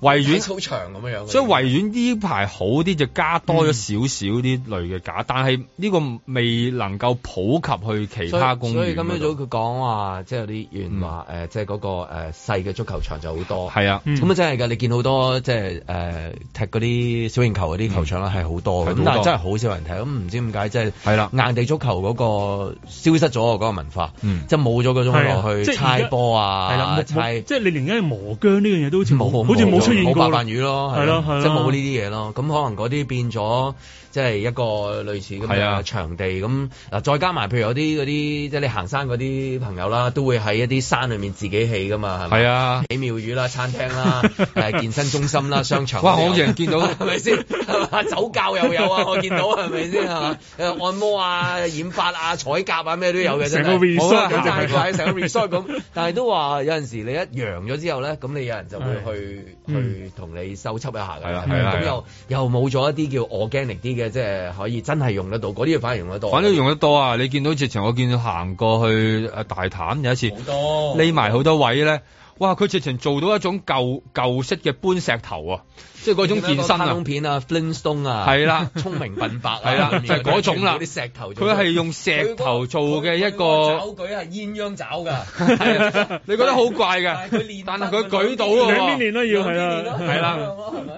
維園足球場咁樣，所以維園呢排好啲，就加多咗少少啲類嘅架，嗯，但係呢個未能夠普及去其他公園。所以咁早佢講話，即係啲員話即係嗰個誒，呃、細嘅足球場就好多。係啊，咁啊真係㗎，你見好多即係誒踢嗰啲小型球嗰啲球場啦，係、嗯、好多咁，但係真係好少人踢，咁唔知點解即係啦，就是、硬地足球嗰個消失咗嗰個文化，即係冇咗嗰種去猜波啊，啊，啊，啊，猜。即係、就是、你連而家磨姜呢樣嘢都好似冇，好似冇冇白飯魚咯，係、啊啊啊、咯，即係冇呢啲嘢咯，咁可能嗰啲變咗。即係一個類似咁樣嘅場地，咁嗱、啊、再加埋，譬如有啲嗰啲即係你行山嗰啲朋友啦，都會喺一啲山裏面自己起噶嘛，係咪？係啊係，起廟宇啦、餐廳啦、 健身中心啦、商場。哇！我成日見到， 見到 係係，係咪先？係嘛，酒窖又有啊，我見到係咪先？按摩啊、染髮啊、彩甲啊，咩都有嘅。成個 resort，咁。 成個 resort  但係都話有陣時你一揚咗之後咧，咁你有人就會去、啊、去同你收葺一下啦，係咁又又冇咗一啲叫我驚力啲嘅。即係可以真係用得到，嗰啲嘢反而用得多，反正用得多啊！你見到直情，我見到行過去啊，大潭有一次，好多匿埋好多位咧，哇！佢直情做到一種舊舊式嘅搬石頭啊！即係嗰種健身啊影片啊，Flintstone 啊，係啦，聰明笨伯、啊，係啦，就係、是、嗰種啦。啲石頭佢係用石頭做嘅一個。佢舉係鴛鴦爪㗎， 你覺得好怪嘅。 但係佢舉到喎。每年都要係啦。係啦。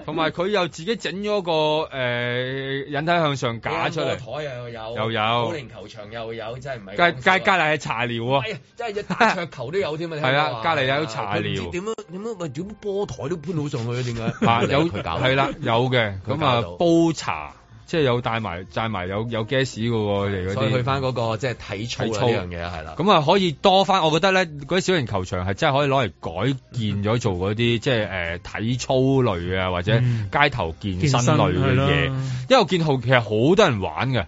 同埋佢又自己整咗個誒、欸、引體向上架出嚟。台又有。又有。保齡球場又有，有，真係唔係。介隔離係茶寮啊！哎、真係一打桌球都有添啊！隔 離有茶寮。點樣點樣咪點波台都搬到上去點解？有。係 啦，有嘅咁啊，煲茶即係有帶埋帶埋有有 gas 嘅，所以去翻嗰、嗰個即係體操呢樣嘢係啦，咁啊可以多翻。我覺得咧，嗰啲小型球場係真係可以攞嚟改建咗做嗰啲、嗯、即係誒、呃、體操類啊，或者街頭健身類嘅嘢。因為我見好其實好多人玩嘅。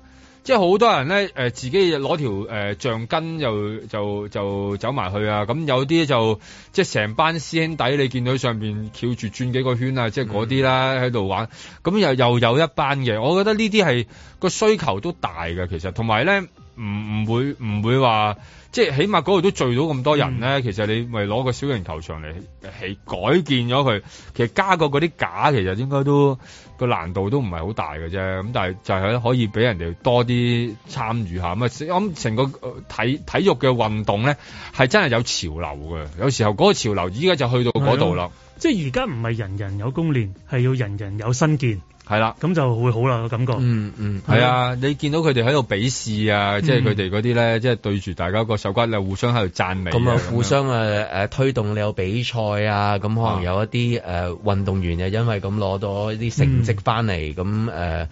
即係好多人咧、呃，自己攞條誒、呃、橡筋又就就，就走埋去啊！咁有啲就即係成班師兄弟，你見到上邊翹住轉幾個圈啊！即係嗰啲啦，喺度玩，咁又又有一班嘅。我覺得呢啲係個需求都大嘅，其實同埋咧唔唔會唔會話。即係起碼嗰度都聚到咁多人咧，嗯、其實你咪攞個小型球場嚟係改建咗佢，其實加個嗰啲架，其實應該都個難度都唔係好大嘅啫。咁但係就係可以俾人哋多啲參與下。咁我諗成個體體育嘅運動咧，係真係有潮流嘅。有時候嗰個潮流依家就去到嗰度啦。即係而家唔係人人有功練，係要人人有身健。係啦，咁就會好啦，感覺。嗯嗯，係啊，啊，你見到佢哋喺度比試啊，即係佢哋嗰啲咧，即係、就是、對住大家個手骨互相喺度讚美。咁啊，互相、啊嗯互相啊呃、推動你有比賽啊，咁可能有一啲誒、啊呃、運動員就因為咁攞到一啲成績翻嚟，咁、嗯、誒。嗯呃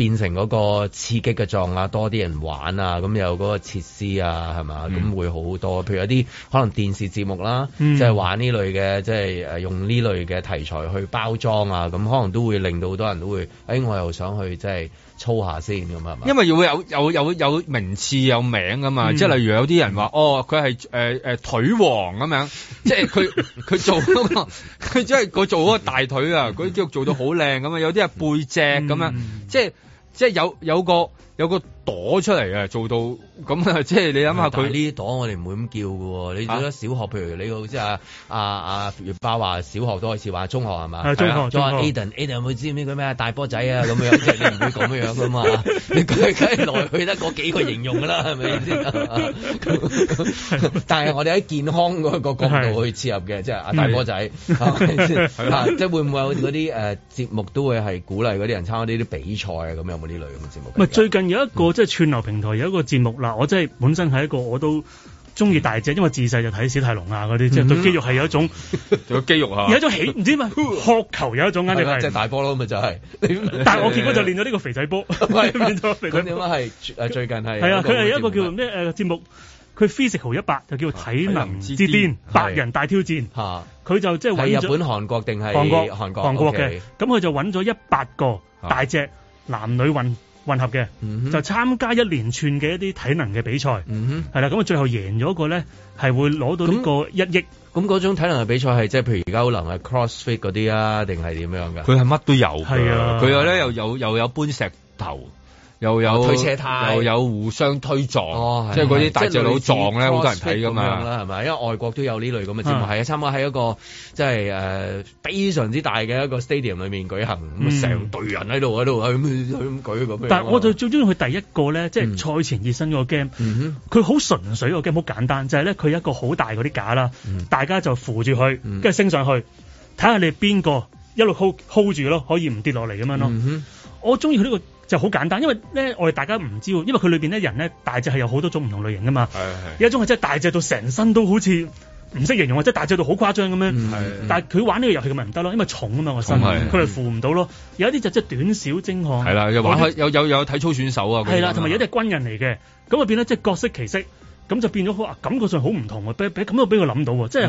變成嗰個刺激嘅狀態啊，多啲人玩啊，咁有嗰個設施啊，係嘛？咁、嗯、會好多。譬如有啲可能電視節目啦，即、嗯、係、就是、玩呢類嘅，即、就、係、是、用呢類嘅題材去包裝啊，咁可能都會令到好多人都會，誒、哎、我又想去即係、就是、操下先咁係嘛？因為又會有有有有名次有名㗎嘛，嗯、即係例如有啲人話，哦佢係誒誒腿王咁樣， 即係佢佢做、嗰個，佢即係佢做嗰個大腿啊，佢、嗯、啲肌肉做到好靚咁啊，有啲係背脊咁樣，嗯、即係。即係有有個。有個朵出嚟啊！做到咁啊，即係你諗下佢呢朵，我哋唔會咁叫嘅喎。你覺得小學、啊、譬如你好，即係阿阿阿葉爸話小學都可以試玩中學係嘛、啊？中學再阿 Aden Aden 會唔知唔知嗰咩大波仔啊咁 樣？即係你唔會咁樣嘅嘛？ 你梗係來去得嗰幾個形容㗎啦，係咪先？ 但係我哋喺健康嗰 個角度去切入嘅，即係阿大波仔， 是吧 啊、即係會唔會有嗰啲誒節目都會係鼓勵嗰啲人參加呢啲比賽啊？咁有冇呢類咁嘅節目？ 最近。有一個即係、就是、串流平台有一個節目啦，我真係本身係一個我都中意大隻，因為自細就睇史泰龍啊嗰啲，即、嗯、係對肌肉係有一種，有 肌肉啊，有一種起唔知嘛，渴求有一種壓力，係、 啊就是、大波咯，咪就係、是。 但係我結果就練咗呢個肥仔波，練 咗是、啊、 肥仔波。點係最近係？係 啊，佢係一個叫咩誒節目，佢、嗯呃、Physical 一百就叫做體能之巔， 是 百人大挑戰。吓， 佢就即係日本、韓國定係韓國、韓國嘅，咁佢就揾咗一百個大隻男女混。Okay. 嗯嗯混合嘅，就參加一連串嘅一啲體能嘅比賽，係啦，咁啊最後贏咗個咧，係會攞到呢個一億。咁嗰種體能嘅比賽係即係，譬如而家可能係 CrossFit 嗰啲啊，定係點樣噶？佢係乜都有，係啊，佢又咧，又有又有搬石頭。又有推車梯，又有互相推撞，哦、是即係嗰啲大隻佬撞咧，好多人睇噶嘛。係咪？因為外國都有呢類咁嘅節目。係啊，差唔多喺一個即係、呃、非常之大嘅一個 stadium 裏面舉行，咁、嗯、成隊人喺度，喺度，喺咁，咁舉咁樣。但係我就最中意佢第一個咧，即、嗯、係、就是、賽前熱身嗰個 game。佢、嗯、好純粹個 game，好簡單，就係咧佢一個好大嗰啲架啦、嗯，大家就扶住佢，跟、嗯、住升上去，睇下你邊個一路 hold, hold 住咯，可以唔跌落嚟咁樣咯。我中意佢呢個。就係好簡單，因為咧，我哋大家唔知喎，因為佢裏面咧，人咧，大隻係有好多種唔同類型噶嘛，係，係有一種係真係大隻到成身都好似唔識形容，即係大隻到好誇張咁樣，係，但佢玩呢個遊戲咁咪唔得咯，因為我重啊嘛個身，佢係負唔到咯。有一啲就真係短小精悍，係啦，又玩，有有有，有體操選手啊，係啦，同埋有啲係軍人嚟嘅，咁啊變咗，即係各色其色。咁就變咗，哇！感覺上好唔同喎，俾俾咁都俾佢諗到，即係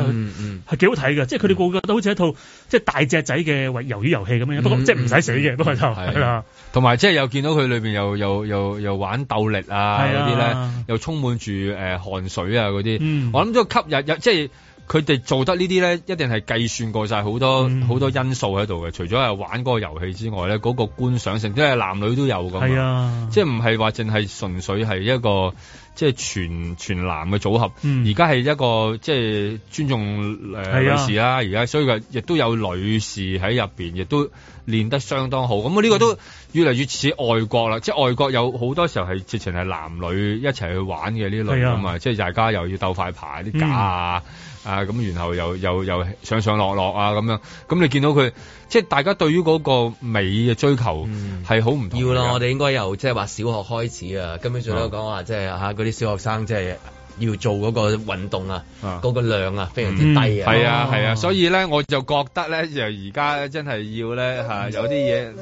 係幾好睇嘅、嗯。即係佢哋個個都好似一套即係、就是、大隻仔嘅魷魚遊戲咁樣，嗯、不過即係唔使死嘅、嗯，都係就係啦。同埋即係又見到佢裏面又又又又玩鬥力啊嗰啲咧，又充滿住誒、呃、汗水啊嗰啲、嗯。我諗都吸引，即係佢哋做得呢啲咧，一定係計算過晒好多好、嗯、多因素喺度嘅。除咗係玩嗰個遊戲之外咧，嗰、那個觀賞性即係、那個、男女都有㗎嘛。即係唔係話淨係純粹係一個。即、就、係、是、全全男嘅組合，而家係一個即係、就是、尊重誒、呃啊、女士啦、啊。而家所以亦都有女士喺入面，亦都練得相當好。咁啊，呢個都越嚟越似外國啦。即、嗯、係、就是、外國有好多時候係直情係男女一齊去玩嘅呢類㗎嘛。即係、啊就是、大家又要鬥快牌啲架、嗯、啊啊咁，然後又又又上上落落啊咁樣。咁你見到佢？即係大家對於嗰個美嘅追求係好唔同、嗯、要啦，我哋應該由即係話小學開始今、嗯、啊，根本上都講話即係嗰啲小學生即係要做嗰個運動啊，嗰、嗰個量啊非常之低、嗯、啊。係啊係啊，啊，所以咧我就覺得咧就而家真係要咧、啊、有啲嘢。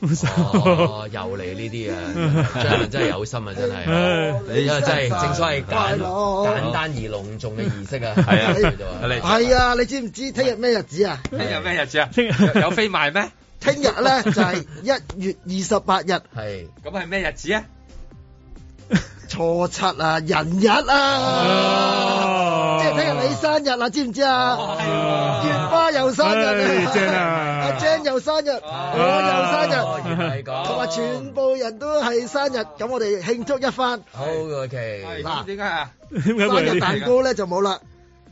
哦、 oh,，又嚟呢啲啊！張 明真係有心啊，真係、 哦 嗯。你真係正所謂簡 簡單而隆重嘅儀式啊，係 啊，係啊，啊，啊，你知唔知聽日咩日子啊？聽日咩日子啊？聽 日有飛賣咩？聽日咧就係一月二十八日，係。咁係咩日子啊？ 是 初七啊，人日啊，啊即係聽日你、啊啊、生日啊，知唔知啊？月、啊、花、啊啊、又生日，阿、啊、Jean、啊啊、又生日，我又生日，同埋全部人都係生日，咁、啊、我哋慶祝一番，好嘅，OK。嗱、啊，點解啊？生日蛋糕咧就冇啦，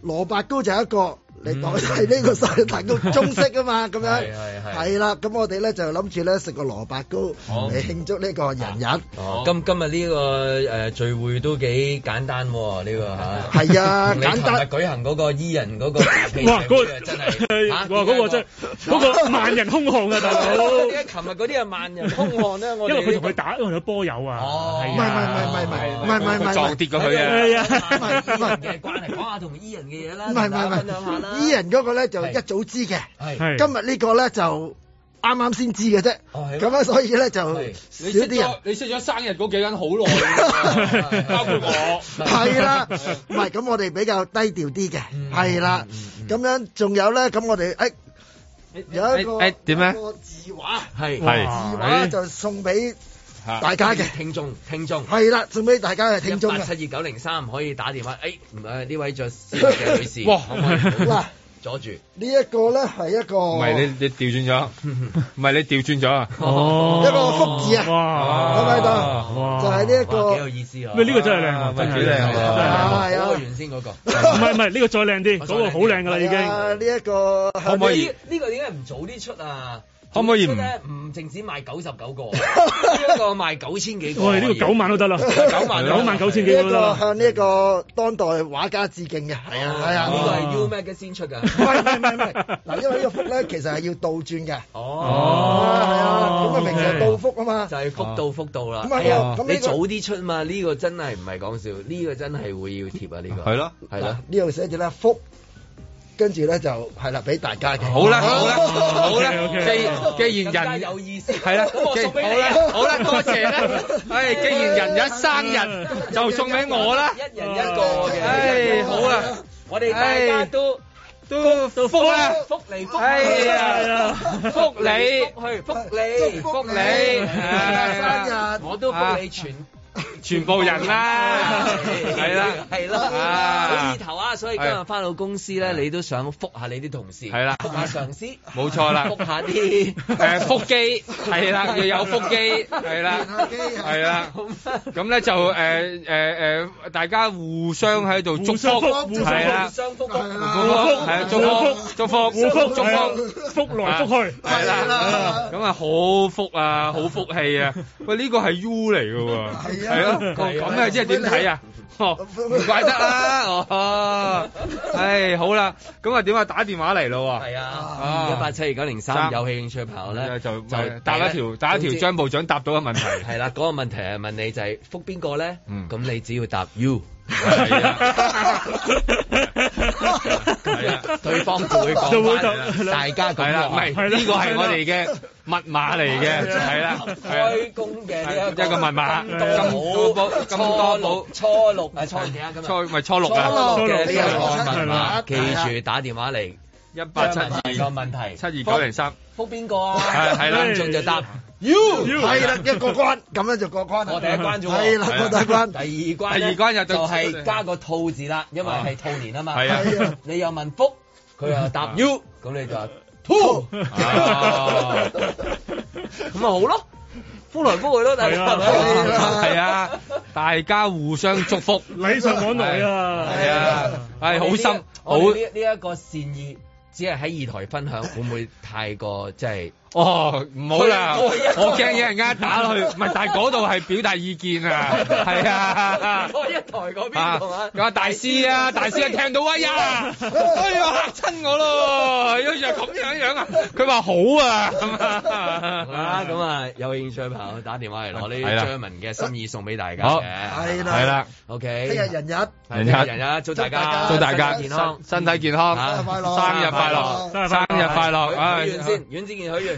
蘿蔔糕就一個。係係呢個生日蛋糕中式啊嘛，咁樣係係係啦，咁我哋咧就諗住咧食個蘿蔔糕嚟慶祝呢個人日。今今日呢個誒聚會都幾簡單喎，呢個嚇係啊簡單。舉行嗰個伊人嗰個哇嗰真係哇嗰個真嗰個萬人空巷啊大佬。啲琴日嗰啲係萬人空巷咧，我因為佢同佢打，因為有波友啊。哦，唔係唔係唔係唔係唔係唔係撞跌過佢啊。係啊，萬人嘅嘢講嚟講下同伊人嘅嘢啦，分享下啦。啲人嗰個咧就一早知嘅，今日呢個咧就啱啱先知嘅啫。咁樣所以咧就少啲人。你識咗生日嗰幾個人好耐，包括我。係啦，唔係咁我哋比較低調啲嘅。係啦，咁樣仲有咧，咁我哋誒有一個點咧？字畫係字畫就送俾。大家嘅聽眾，聽眾係啦，最尾大家嘅聽眾。七二九零三唔可以打電話。誒、哎，唔係呢位著絲襪嘅女士。哇，唔嗱，阻住、這個、呢一個咧係一個。唔係你你調轉咗，唔 係你調轉咗啊、哦哦！一個福字哇啊，係咪喺度？就係呢一個幾有意思啊！呢、這個真係靚，真係幾靚，係。啊，係啊，原先嗰個。唔係唔係，呢個再靚啲，嗰個好靚噶啦已經。呢一個可唔可以？呢個點解唔早啲出啊？可唔可以唔唔淨止賣九十九個，呢、這、一個賣九千幾個，喂、哎，呢、這個九萬都得啦，九萬九 萬九千幾個得。向呢一個當代畫家致敬嘅，係啊係、這個、啊，呢個係 U Mag 先出嘅。唔係唔係嗱因為呢幅咧其實係要倒轉嘅。哦，係啊，咁啊平常倒福啊嘛，okay、就係福到福到啦。咁啊係、哎、啊、這個，你早啲出嘛？呢、這個真係唔係講笑，呢、這個真係會要貼啊！呢、這個係咯係啊，呢度寫住啦福。跟住咧就係啦，俾大家嘅。好啦，好啦，好啦。既既然人有意思，係啦。好啦，好啦，多謝啦。誒，既然人一生日就送俾我啦。一人一個嘅。誒，好啦。我哋大家都都福啦，福嚟福去，福嚟福去，福嚟福去。祝你生日，我都福你全。全部人啦，係啦，係咯，意頭啊！所以今日翻到公司咧，你都想腹下你啲同事，係啦，腹下上司，冇錯啦，腹下啲誒腹肌，係啦，又有腹肌，係啦，腹肌，係啦，咁咧就誒誒誒，大家互相喺度祝福，係啦，互相祝福，係啦，祝福，祝福，互相祝福，祝福來祝福去，係啦，咁啊好福啊，好福氣啊！喂，呢個係 U 嚟㗎喎。係咯，咁啊，即係點睇啊？哦，唔怪得啦，哦，唉、啊 哦，哎，好啦，咁啊，點啊，打電話嚟咯，係啊，二八七二九零三，啊、172903, 3, 有興趣嘅朋友咧，就就答一條，答一條，張部長答到嘅問題，係啦、啊，嗰、那個問題係問你就係、是、覆邊個咧？咁、嗯、你只要答 you 係 是啊，係 啦、啊，對方就會講講，大家講啦，唔係呢個係我哋嘅密碼嚟嘅，係啦、啊啊，開工嘅、這個啊、一個密碼。咁多寶，初六，初六係初幾啊？初係初六,初六,的這初初六啊？初六嘅呢個密碼，記住打電話嚟一八七二個問題七二九零三。72903, 4, 福，邊個啊？係啦，林俊就答 U，係啦，一個關咁樣就過關。我第一關咗喎。係啦，第一關。第二關，第二關又就係加個兔字啦，因為係兔年啊嘛。係啊。你又問福，佢又答 U，咁你就兔。咁咪好咯，福來福去咯，大家係啊，大家互相祝福，禮尚往來啊，係啊，係好心，好呢呢一個善意。只係喺二台分享，會唔會太過？即係。哦，唔好啦，我驚有人家打落去，唔、嗯、係，但係嗰度係表達意見、嗯、啊，係啊，一台嗰邊咁啊大師啊，大師一聽到哎呀，哎呀嚇親我咯，好咁樣樣啊，佢話好、啊啊啊啊、好啊，咁啊，啊有興趣朋友打電話嚟攞呢張文嘅心意送俾大家嘅，係啦，係啦，OK，聽日人日，人日人日，祝大家祝大家健康，身體健康，生日快樂，生日快樂，生日快樂，先，許先，